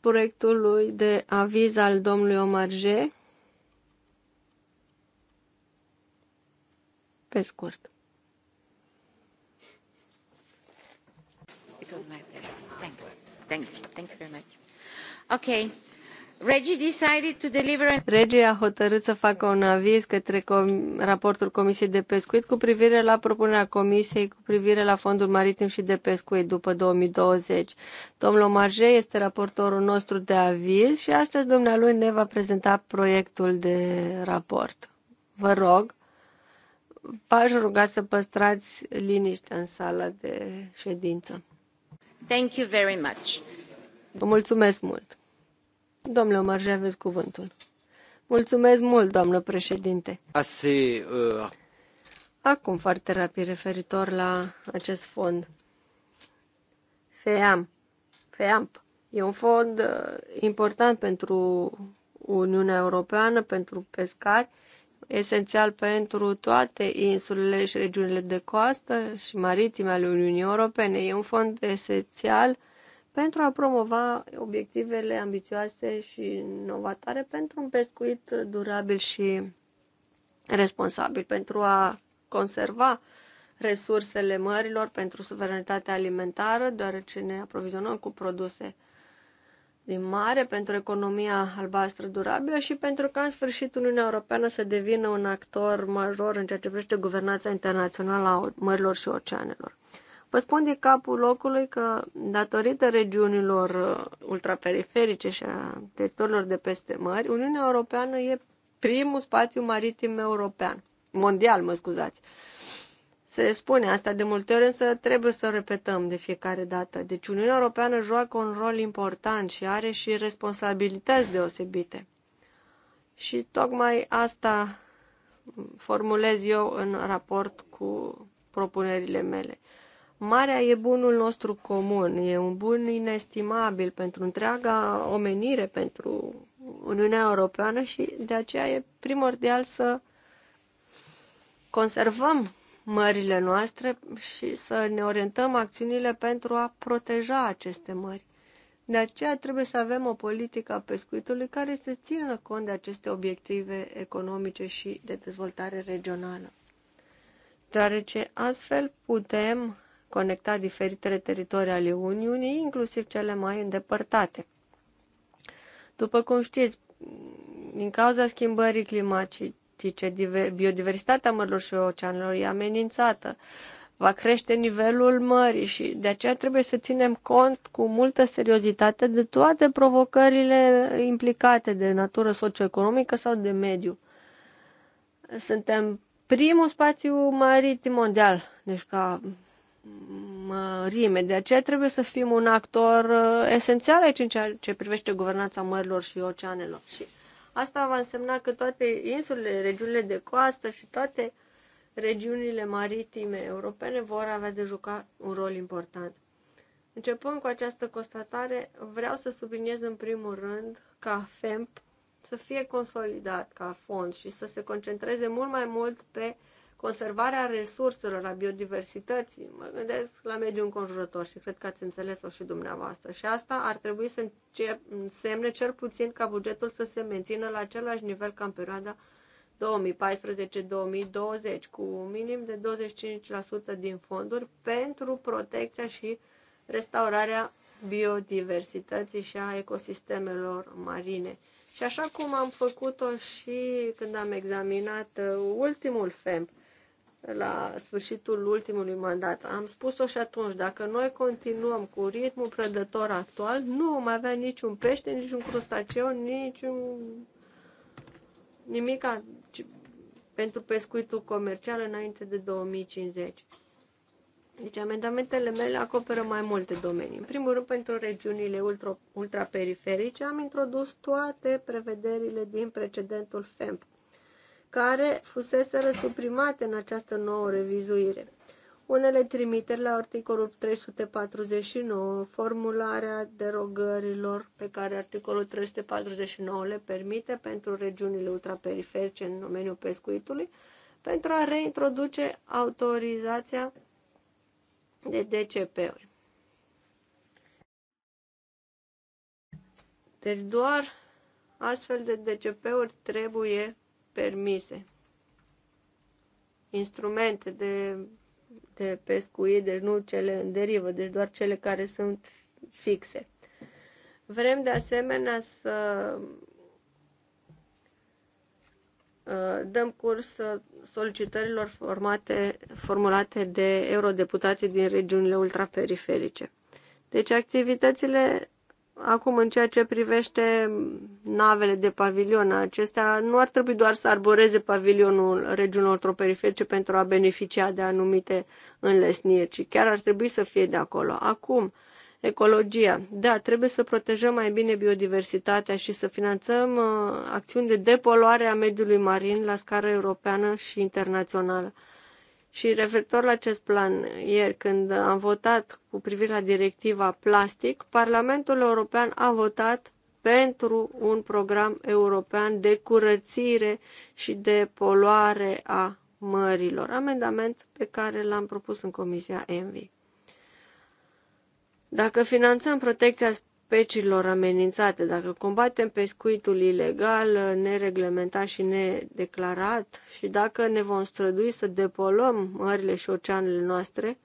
Speaker 3: proiectului de aviz al domnului Omarje pe scurt.
Speaker 2: It my pleasure. Thanks. Thanks. Thank you very much.
Speaker 3: Okay. decided to deliver... a hotărât să facă un aviz către com raportul Comisiei de Pescuit cu privire la propunerea Comisiei cu privire la fondul maritim și de pescuit după 2020. Domnul Omarje este raportorul nostru de aviz și astăzi dumnealui ne va prezenta proiectul de raport. Vă rog v-aș ruga să păstrați liniște în sala de ședință.
Speaker 2: Thank you very much.
Speaker 3: Vă mulțumesc mult. Domnule Omarje, aveți cuvântul. Mulțumesc mult, doamnă președinte.
Speaker 1: Ase, uh...
Speaker 3: Acum foarte rapid referitor la acest fond. FEAM. FEAMP. E un fond uh, important pentru Uniunea Europeană, pentru pescari esențial pentru toate insulele și regiunile de coastă și maritime ale Uniunii Europene. E un fond esențial pentru a promova obiectivele ambițioase și inovatoare pentru un pescuit durabil și responsabil, pentru a conserva resursele mărilor, pentru suveranitatea alimentară, deoarece ne aprovizionăm cu produse din mare pentru economia albastră durabilă și pentru ca în sfârșit Uniunea Europeană să devină un actor major în ceea ce privește guvernanța internațională a mărilor și oceanelor. Vă spun din capul locului că, datorită regiunilor uh, ultraperiferice și a teritoriilor de peste mări, Uniunea Europeană e primul spațiu maritim european, mondial, mă scuzați. Uh, se spune asta de multe ori, însă trebuie să o repetăm de fiecare dată. Deci Uniunea Europeană joacă un rol important și are și responsabilități deosebite. Și tocmai asta formulez eu în raport cu propunerile mele. Marea e bunul nostru comun, e un bun inestimabil pentru întreaga omenire, pentru Uniunea Europeană și de aceea e primordial să conservăm mările noastre și să ne orientăm acțiunile pentru a proteja aceste mări. De aceea trebuie să avem o politică a pescuitului care să țină cont de aceste obiective economice și de dezvoltare regională. Deoarece astfel putem conecta diferitele teritorii ale Uniunii, inclusiv cele mai îndepărtate. După cum știți, din cauza schimbării climatice, climatice, biodiversitatea mărilor și oceanelor e amenințată. Va crește nivelul mării și de aceea trebuie să ținem cont cu multă seriozitate de toate provocările implicate de natură socioeconomică sau de mediu. Suntem primul spațiu maritim mondial, deci ca mărime. De aceea trebuie să fim un actor uh, esențial aici în ceea ce privește guvernanța mărilor și oceanelor. Și Asta va însemna că toate insulele, regiunile de coastă și toate regiunile maritime europene vor avea de jucat un rol important. Începând cu această constatare, vreau să subliniez în primul rând ca FEMP să fie consolidat ca fond și să se concentreze mult mai mult pe uh, conservarea resurselor, a biodiversității, mă gândesc la mediul înconjurător și cred că ați înțeles-o și dumneavoastră. Și asta ar trebui să însemne cel puțin ca bugetul să se mențină la același nivel ca în perioada 2014-2020, cu un minim de 25% din fonduri pentru protecția și restaurarea biodiversității și a ecosistemelor marine. Și așa cum am făcut-o și când am examinat uh, ultimul FEMP, la sfârșitul ultimului mandat. Am spus-o și atunci, dacă noi continuăm cu ritmul prădător actual, nu vom avea niciun pește, niciun crustaceu, niciun nimic pentru pescuitul comercial înainte de 2050. Deci amendamentele mele acoperă mai multe domenii. În primul rând, pentru regiunile ultra, ultraperiferice am introdus toate prevederile din precedentul FEMP care fusese suprimate în această nouă revizuire. Unele trimiteri la articolul 349, formularea derogărilor pe care articolul 349 le permite pentru regiunile ultraperiferice în domeniul pescuitului, pentru a reintroduce autorizația de DCP-uri. Deci doar astfel de DCP-uri trebuie permise, instrumente de, de pescuit, deci nu cele în derivă, deci doar cele care sunt fixe. Vrem de asemenea să uh, dăm curs uh, solicitărilor formate, formulate de eurodeputații din regiunile ultraperiferice. Deci activitățile Acum, în ceea ce privește navele de pavilion, acestea nu ar trebui doar să arboreze pavilionul regiunilor troperiferice pentru a beneficia de anumite înlesniri, ci chiar ar trebui să fie de acolo. Acum, ecologia. Da, trebuie să protejăm mai bine biodiversitatea și să finanțăm uh, acțiuni de depoluare a mediului marin la scară europeană și internațională. Și referitor la acest plan, ieri când am votat cu privire la directiva plastic, Parlamentul European a votat pentru un program european de curățire și de poluare a mărilor, amendament pe care l-am propus în Comisia ENVI. Dacă finanțăm protecția pecilor amenințate. Dacă combatem pescuitul ilegal, nereglementat și nedeclarat și dacă ne vom strădui să depolăm mările și oceanele noastre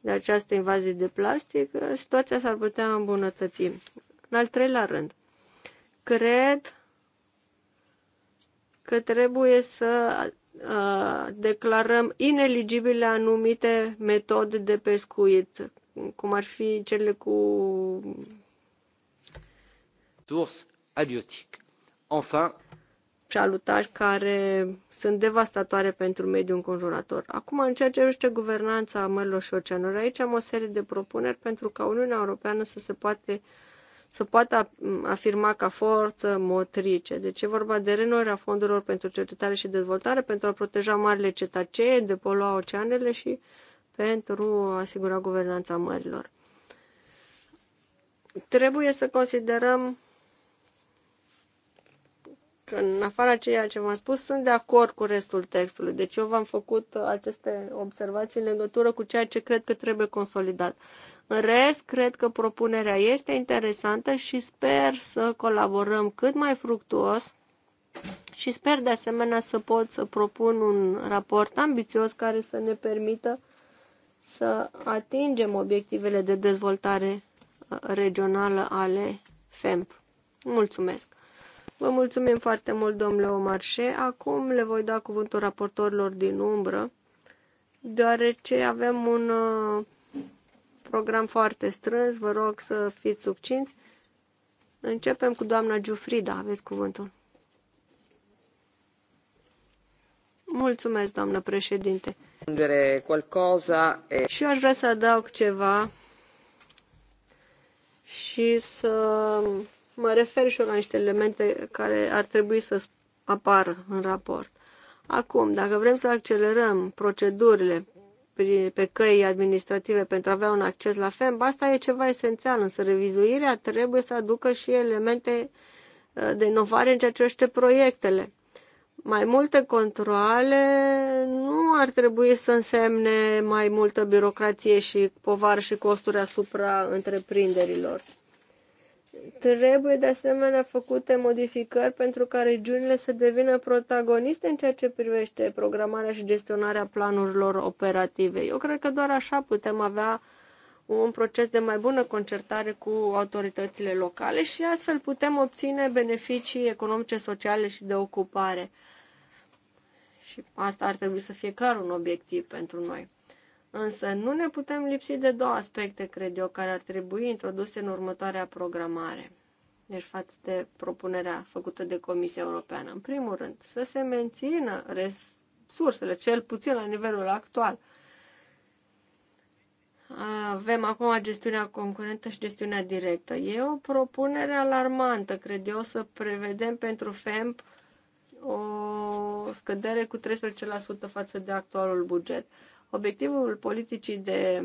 Speaker 3: de această invazie de plastic, situația s-ar putea îmbunătăți. În al treilea rând, cred că trebuie să uh, declarăm ineligibile anumite metode de pescuit, cum ar fi cele cu
Speaker 1: resurs abiotic. Enfin,
Speaker 3: cealutaj care sunt devastatoare pentru mediul înconjurator. Acum, în ceea ce privește guvernanța mărilor și oceanului, aici am o serie de propuneri pentru ca Uniunea Europeană să se poate să poată afirma ca forță motrice. Deci e vorba de renoirea fondurilor pentru cercetare și dezvoltare, pentru a proteja marile cetacee, de polua oceanele și pentru a asigura guvernanța mărilor. Trebuie să considerăm că în afara ceea ce v-am spus, sunt de acord cu restul textului. Deci eu v-am făcut uh, aceste observații în legătură cu ceea ce cred că trebuie consolidat. În rest, cred că propunerea este interesantă și sper să colaborăm cât mai fructuos și sper de asemenea să pot să propun un raport ambițios care să ne permită să atingem obiectivele de dezvoltare uh, regională ale FEMP. Mulțumesc! Vă mulțumim foarte mult, domnule Omarșe. Acum le voi da cuvântul raportorilor din umbră, deoarece avem un uh, program foarte strâns. Vă rog să fiți subcinți. Începem cu doamna Giufrida. Aveți cuvântul. Mulțumesc, doamnă președinte. Și aș vrea să adaug ceva și să mă refer și eu la niște elemente care ar trebui să apară în raport. Acum, dacă vrem să accelerăm procedurile pe căi administrative pentru a avea un acces la FEMB, asta e ceva esențial, însă revizuirea trebuie să aducă și elemente uh, de inovare în ceea ce este proiectele. Mai multe controle nu ar trebui să însemne mai multă birocrație și povară și costuri asupra întreprinderilor. Trebuie de asemenea făcute modificări pentru ca regiunile să devină protagoniste în ceea ce privește programarea și gestionarea planurilor operative. Eu cred că doar așa putem avea un proces de mai bună concertare cu autoritățile locale și astfel putem obține beneficii economice, sociale și de ocupare. Și asta ar trebui să fie clar un obiectiv pentru noi. Însă nu ne putem lipsi de două aspecte, cred eu, care ar trebui introduse în următoarea programare. Deci față de propunerea făcută de Comisia Europeană. În primul rând, să se mențină resursele, cel puțin la nivelul actual. Avem acum gestiunea concurentă și gestiunea directă. E o propunere alarmantă, cred eu, să prevedem pentru FEMP o scădere cu 13% față de actualul buget. Obiectivul politicii de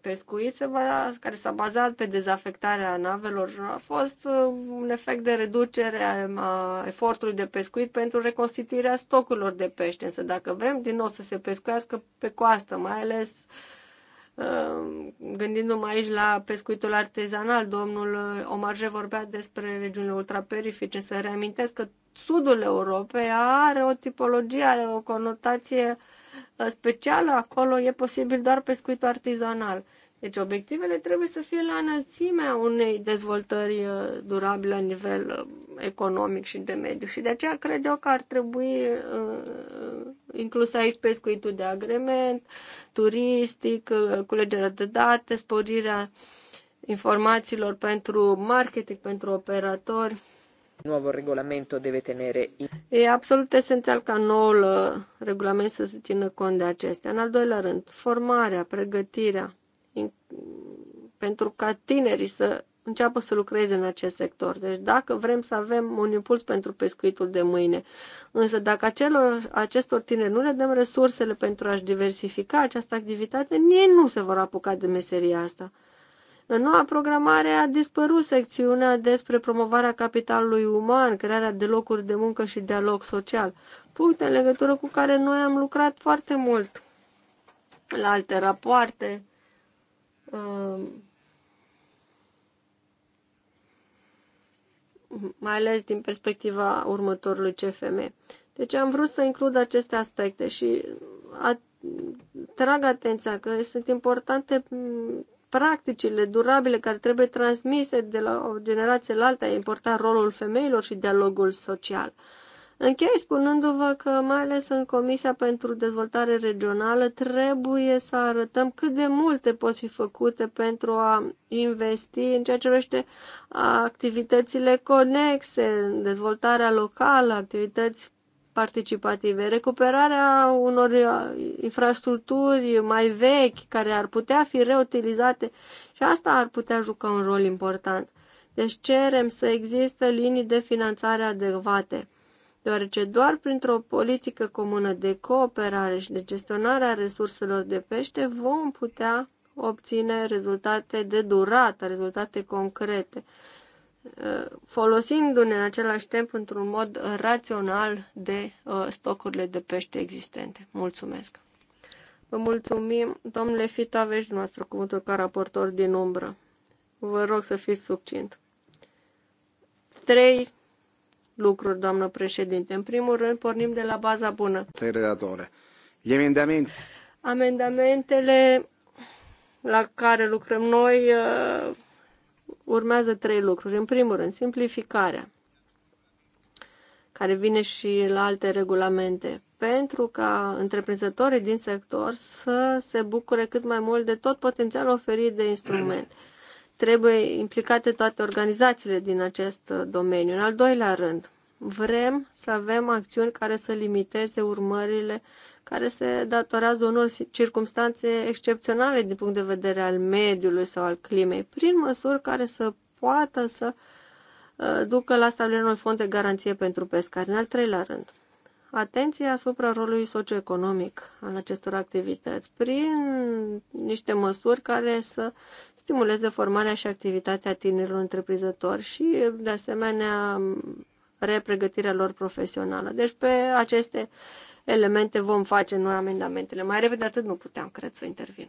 Speaker 3: pescuit se va, care s-a bazat pe dezafectarea navelor a fost uh, un efect de reducere a efortului de pescuit pentru reconstituirea stocurilor de pește. Însă dacă vrem din nou să se pescuiască pe coastă, mai ales uh, gândindu-mă aici la pescuitul artezanal, domnul uh, Omarje vorbea despre regiunile ultraperifice, să reamintesc că sudul Europei are o tipologie, are o conotație uh, specială, acolo e posibil doar pescuit artizanal. Deci obiectivele trebuie să fie la înălțimea unei dezvoltări uh, durabile la nivel uh, economic și de mediu. Și de aceea cred eu că ar trebui uh, inclus aici pescuitul de agrement, turistic, culegerea de date, sporirea informațiilor pentru marketing, pentru operatori
Speaker 2: Nuovo deve tenere in...
Speaker 3: E absolut esențial ca noul uh, regulament să se țină cont de acestea. În al doilea rând, formarea, pregătirea in... pentru ca tinerii să înceapă să lucreze în acest sector. Deci dacă vrem să avem un impuls pentru pescuitul de mâine, însă dacă acelor, acestor tineri nu le dăm resursele pentru a-și diversifica această activitate, ei nu se vor apuca de meseria asta. În noua programare a dispărut secțiunea despre promovarea capitalului uman, crearea de locuri de muncă și dialog social, puncte în legătură cu care noi am lucrat foarte mult la alte rapoarte. Um, mai ales din perspectiva următorului CFM. Deci am vrut să includ aceste aspecte și trag atenția că sunt importante practicile durabile care trebuie transmise de la o generație la alta, e important rolul femeilor și dialogul social. Închei spunându-vă că, mai ales în Comisia pentru Dezvoltare Regională, trebuie să arătăm cât de multe pot fi făcute pentru a investi în ceea ce vrește activitățile conexe, dezvoltarea locală, activități participative, recuperarea unor uh, infrastructuri mai vechi care ar putea fi reutilizate și asta ar putea juca un rol important. Deci cerem să existe linii de finanțare adecvate, deoarece doar printr-o politică comună de cooperare și de gestionare a resurselor de pește vom putea obține rezultate de durată, rezultate concrete folosindu-ne în același timp într-un mod rațional de uh, stocurile de pește existente. Mulțumesc! Vă mulțumim, domnule Fita, aveți dumneavoastră cuvântul ca raportor din umbră. Vă rog să fiți succint. Trei lucruri, doamnă președinte. În primul rând, pornim de la baza bună.
Speaker 1: Relatore. Amendament.
Speaker 3: Amendamentele la care lucrăm noi uh, urmează trei lucruri. În primul rând, simplificarea, care vine și la alte regulamente, pentru ca întreprinzătorii din sector să se bucure cât mai mult de tot potențialul oferit de instrument. Trebuie implicate toate organizațiile din acest domeniu. În al doilea rând, vrem să avem acțiuni care să limiteze urmările care se datorează unor circumstanțe excepționale din punct de vedere al mediului sau al climei, prin măsuri care să poată să uh, ducă la stabilirea unui fond de garanție pentru pescari. În al treilea rând, atenție asupra rolului socioeconomic al acestor activități, prin niște măsuri care să stimuleze formarea și activitatea tinerilor întreprinzători și, de asemenea, repregătirea lor profesională. Deci, pe aceste uh, elemente vom face noi amendamentele. Mai repede atât nu puteam, cred, să intervin.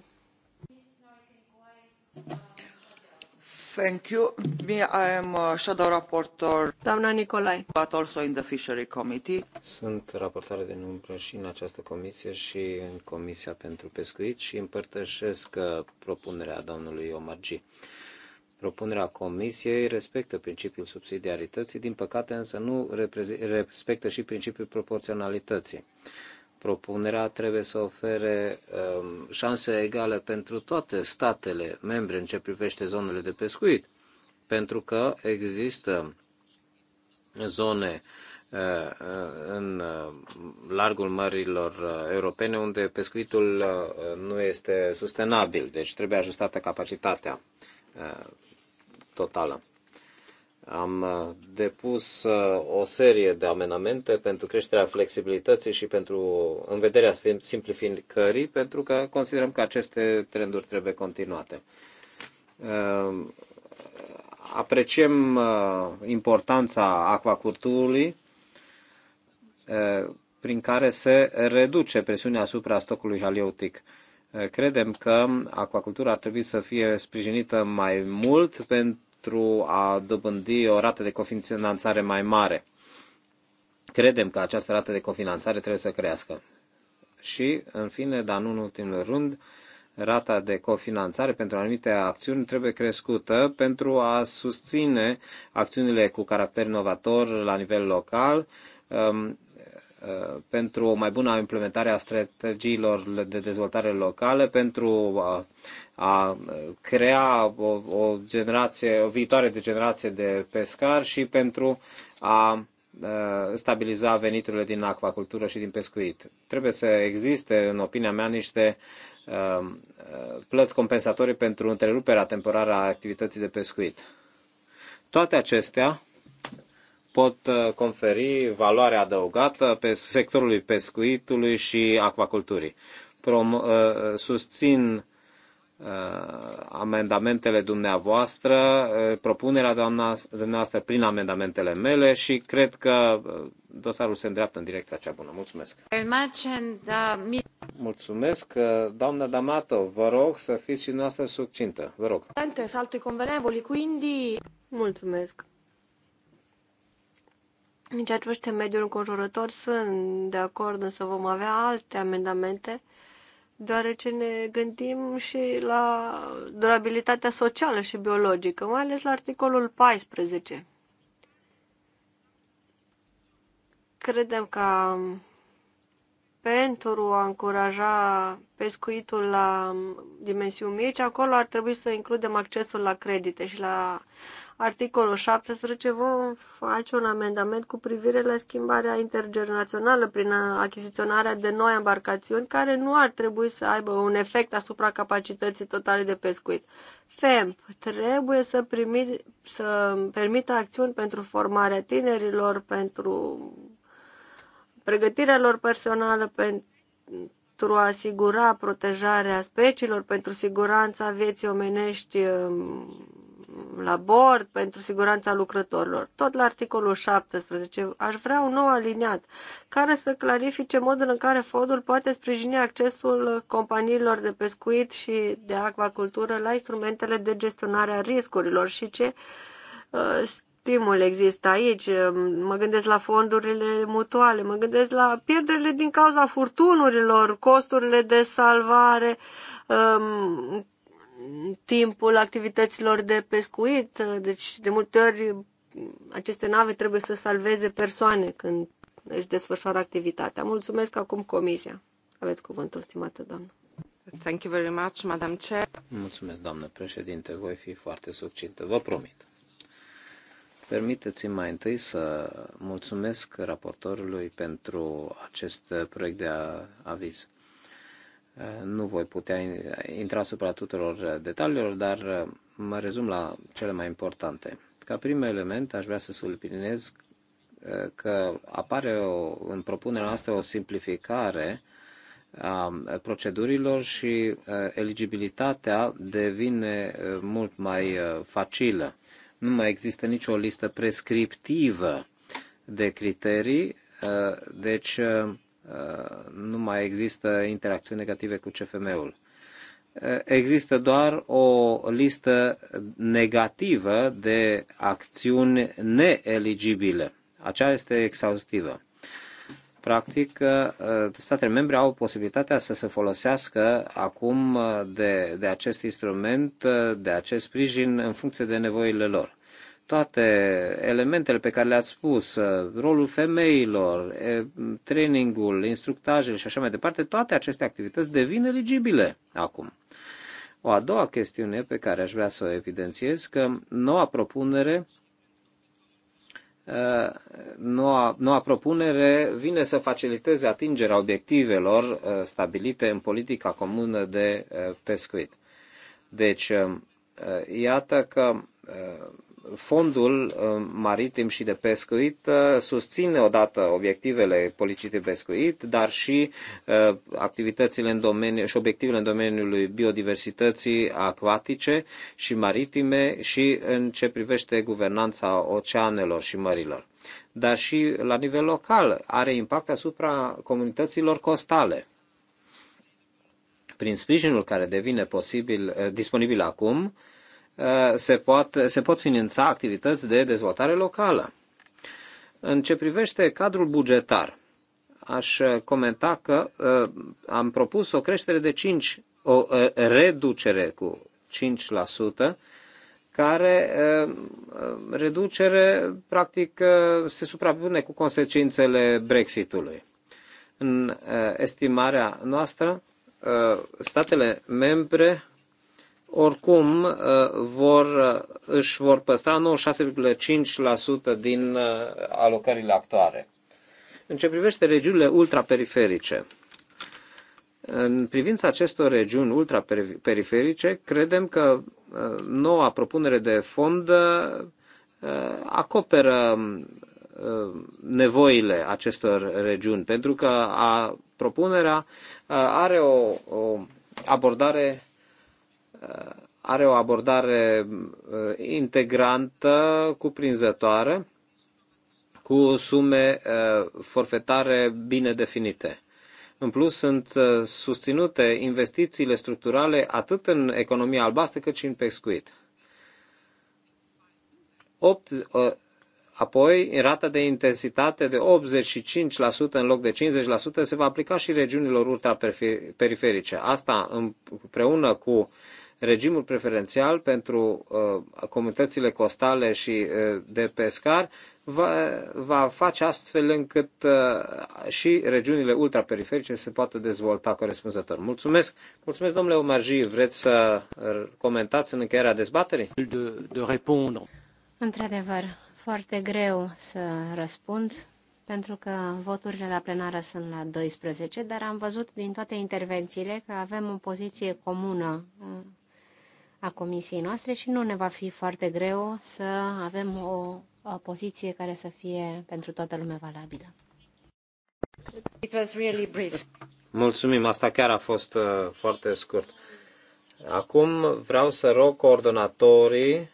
Speaker 1: Thank you. Me, I
Speaker 3: am a uh, shadow raportor. Doamna Nicolae.
Speaker 1: But also in the Fishery Committee. Sunt raportare de număr și în această comisie și în Comisia pentru Pescuit și împărtășesc uh, propunerea domnului G. Propunerea Comisiei respectă principiul subsidiarității, din păcate însă nu respectă și principiul proporționalității. Propunerea trebuie să ofere um, șanse egale pentru toate statele membre în ce privește zonele de pescuit, pentru că există zone uh, uh, în uh, largul mărilor europene unde pescuitul nu este sustenabil, deci trebuie ajustată capacitatea totală. Am uh, depus uh, o serie de amenamente pentru creșterea flexibilității și pentru uh, în vederea simplificării, pentru că considerăm că aceste trenduri trebuie continuate. Apreciem importanța acvaculturii, prin care se reduce presiunea asupra stocului haliotic. Credem că acvacultura ar trebui să fie sprijinită mai mult pentru pentru a dobândi o rată de cofinanțare mai mare. Credem că această rată de cofinanțare trebuie să crească. Și, în fine, dar nu în ultimul rând, rata de cofinanțare pentru anumite acțiuni trebuie crescută pentru a susține acțiunile cu caracter inovator la nivel local, um, Uh, pentru o mai bună implementare a strategiilor de dezvoltare locală, pentru a, a crea o, o generație, o viitoare de generație de pescari și pentru a uh, stabiliza veniturile din acvacultură și din pescuit. Trebuie să existe, în opinia mea, niște uh, plăți compensatorii pentru întreruperea temporară a activității de pescuit. Toate acestea pot uh, conferi valoare adăugată pe sectorului pescuitului și acvaculturii. Prom, uh, susțin uh, amendamentele dumneavoastră, propunerea dumneavoastră prin amendamentele mele și cred că dosarul se îndreaptă în direcția cea bună. Mulțumesc! Mulțumesc! Doamna D'Amato, vă rog să fiți și noastră succintă. Vă rog!
Speaker 3: convenevoli, Mulțumesc! În ceea ce privește mediul înconjurător, sunt de acord, însă vom avea alte amendamente, deoarece ne gândim și la durabilitatea socială și biologică, mai ales la articolul 14. Credem că pentru a încuraja pescuitul la dimensiuni mici, acolo ar trebui să includem accesul la credite și la articolul 17 vom face un amendament cu privire la schimbarea intergenerațională prin achiziționarea de noi embarcațiuni care nu ar trebui să aibă un efect asupra capacității totale de pescuit. FEMP trebuie să, primi, să permită acțiuni pentru formarea tinerilor, pentru pregătirea lor personală, pentru pentru a asigura protejarea speciilor, pentru siguranța vieții omenești um, la bord pentru siguranța lucrătorilor. Tot la articolul 17 aș vrea un nou aliniat care să clarifice modul în care fondul poate sprijini accesul companiilor de pescuit și de acvacultură la instrumentele de gestionare a riscurilor și ce uh, stimul există aici. Mă gândesc la fondurile mutuale, mă gândesc la pierderile din cauza furtunurilor, costurile de salvare, um, timpul activităților de pescuit, deci de multe ori aceste nave trebuie să salveze persoane când își desfășoară activitatea. Mulțumesc acum comisia. Aveți cuvântul, stimată doamnă. Thank you very much, Madam
Speaker 2: Chair.
Speaker 1: Mulțumesc, doamnă președinte. Voi fi foarte succintă, vă promit. Permiteți-mi mai întâi să mulțumesc raportorului pentru acest proiect de aviz. Nu voi putea intra asupra tuturor uh, detaliilor, dar uh, mă rezum la cele mai importante. Ca prim element, aș vrea să subliniez uh, că apare o, în propunerea noastră o simplificare a procedurilor și eligibilitatea devine mult mai facilă. Nu mai există nicio listă prescriptivă de criterii, deci Uh, nu mai există interacțiuni negative cu CFM-ul. Uh, există doar o listă negativă de acțiuni neeligibile. Aceea este exhaustivă. Practic, uh, statele membre au posibilitatea să se folosească acum de, de acest instrument, de acest sprijin, în funcție de nevoile lor toate elementele pe care le-ați spus, uh, rolul femeilor, trainingul, instructajele și așa mai departe, toate aceste activități devin eligibile acum. O a doua chestiune pe care aș vrea să o evidențiez, că noua propunere uh, Noua, noua propunere vine să faciliteze atingerea obiectivelor uh, stabilite în politica comună de pescuit. Deci, iată că Fondul uh, Maritim și de Pescuit uh, susține odată obiectivele politicii de pescuit, dar și uh, activitățile în domeniu, și obiectivele în domeniul biodiversității acvatice și maritime și în ce privește guvernanța oceanelor și mărilor. Dar și la nivel local are impact asupra comunităților costale prin sprijinul care devine posibil, disponibil acum, Uh, se, poate, se pot finanța activități de dezvoltare locală. În ce privește cadrul bugetar, aș comenta că uh, am propus o creștere de 5, o uh, reducere cu 5%, care reducere, practic, se suprapune cu consecințele Brexitului. În estimarea noastră, statele membre oricum uh, vor, uh, își vor păstra 96,5% din uh, alocările actuale. În ce privește regiunile ultraperiferice, în privința acestor regiuni ultraperiferice, credem că noua propunere de fond acoperă nevoile acestor regiuni, pentru că a, propunerea are o, o abordare are o abordare uh, integrantă, cuprinzătoare, cu sume uh, forfetare bine definite. În plus, sunt uh, susținute investițiile structurale atât în economia albastră cât și în pescuit. Opt, apoi, rata de intensitate de 85% în loc de 50% se va aplica și regiunilor ultraperiferice. Asta împreună cu uh, regimul preferențial pentru uh, comunitățile costale și uh, de pescar va, va face astfel încât uh, și regiunile ultraperiferice se poată dezvolta corespunzător. Mulțumesc! Mulțumesc, domnule Omarji, vreți să comentați în încheierea dezbaterii? De, de răspund.
Speaker 2: Într-adevăr, foarte greu să răspund pentru că voturile la plenară sunt la 12, dar am văzut din toate intervențiile că avem o poziție comună uh, a comisiei noastre și nu ne va fi foarte greu să avem o, o poziție care să fie pentru toată lumea valabilă. It was really brief.
Speaker 1: Mulțumim, asta chiar a fost uh, foarte scurt. Acum vreau să rog coordonatorii.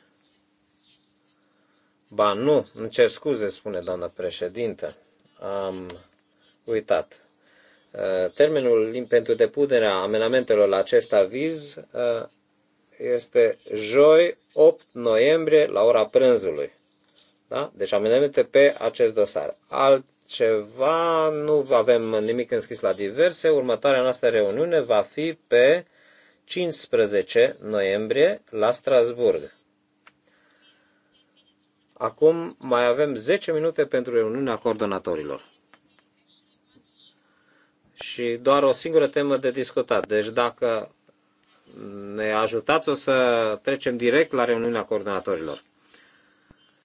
Speaker 1: Ba nu, îmi cer scuze, spune doamna președintă. Am uitat. Uh, termenul pentru depunerea amenamentelor la acest aviz uh, este joi 8 noiembrie la ora prânzului. Da? Deci amendamente pe acest dosar. Altceva, nu avem nimic înscris la diverse. Următoarea noastră reuniune va fi pe 15 noiembrie la Strasburg. Acum mai avem 10 minute pentru reuniunea coordonatorilor. Și doar o singură temă de discutat. Deci dacă ne ajutați, o să trecem direct la reuniunea coordonatorilor.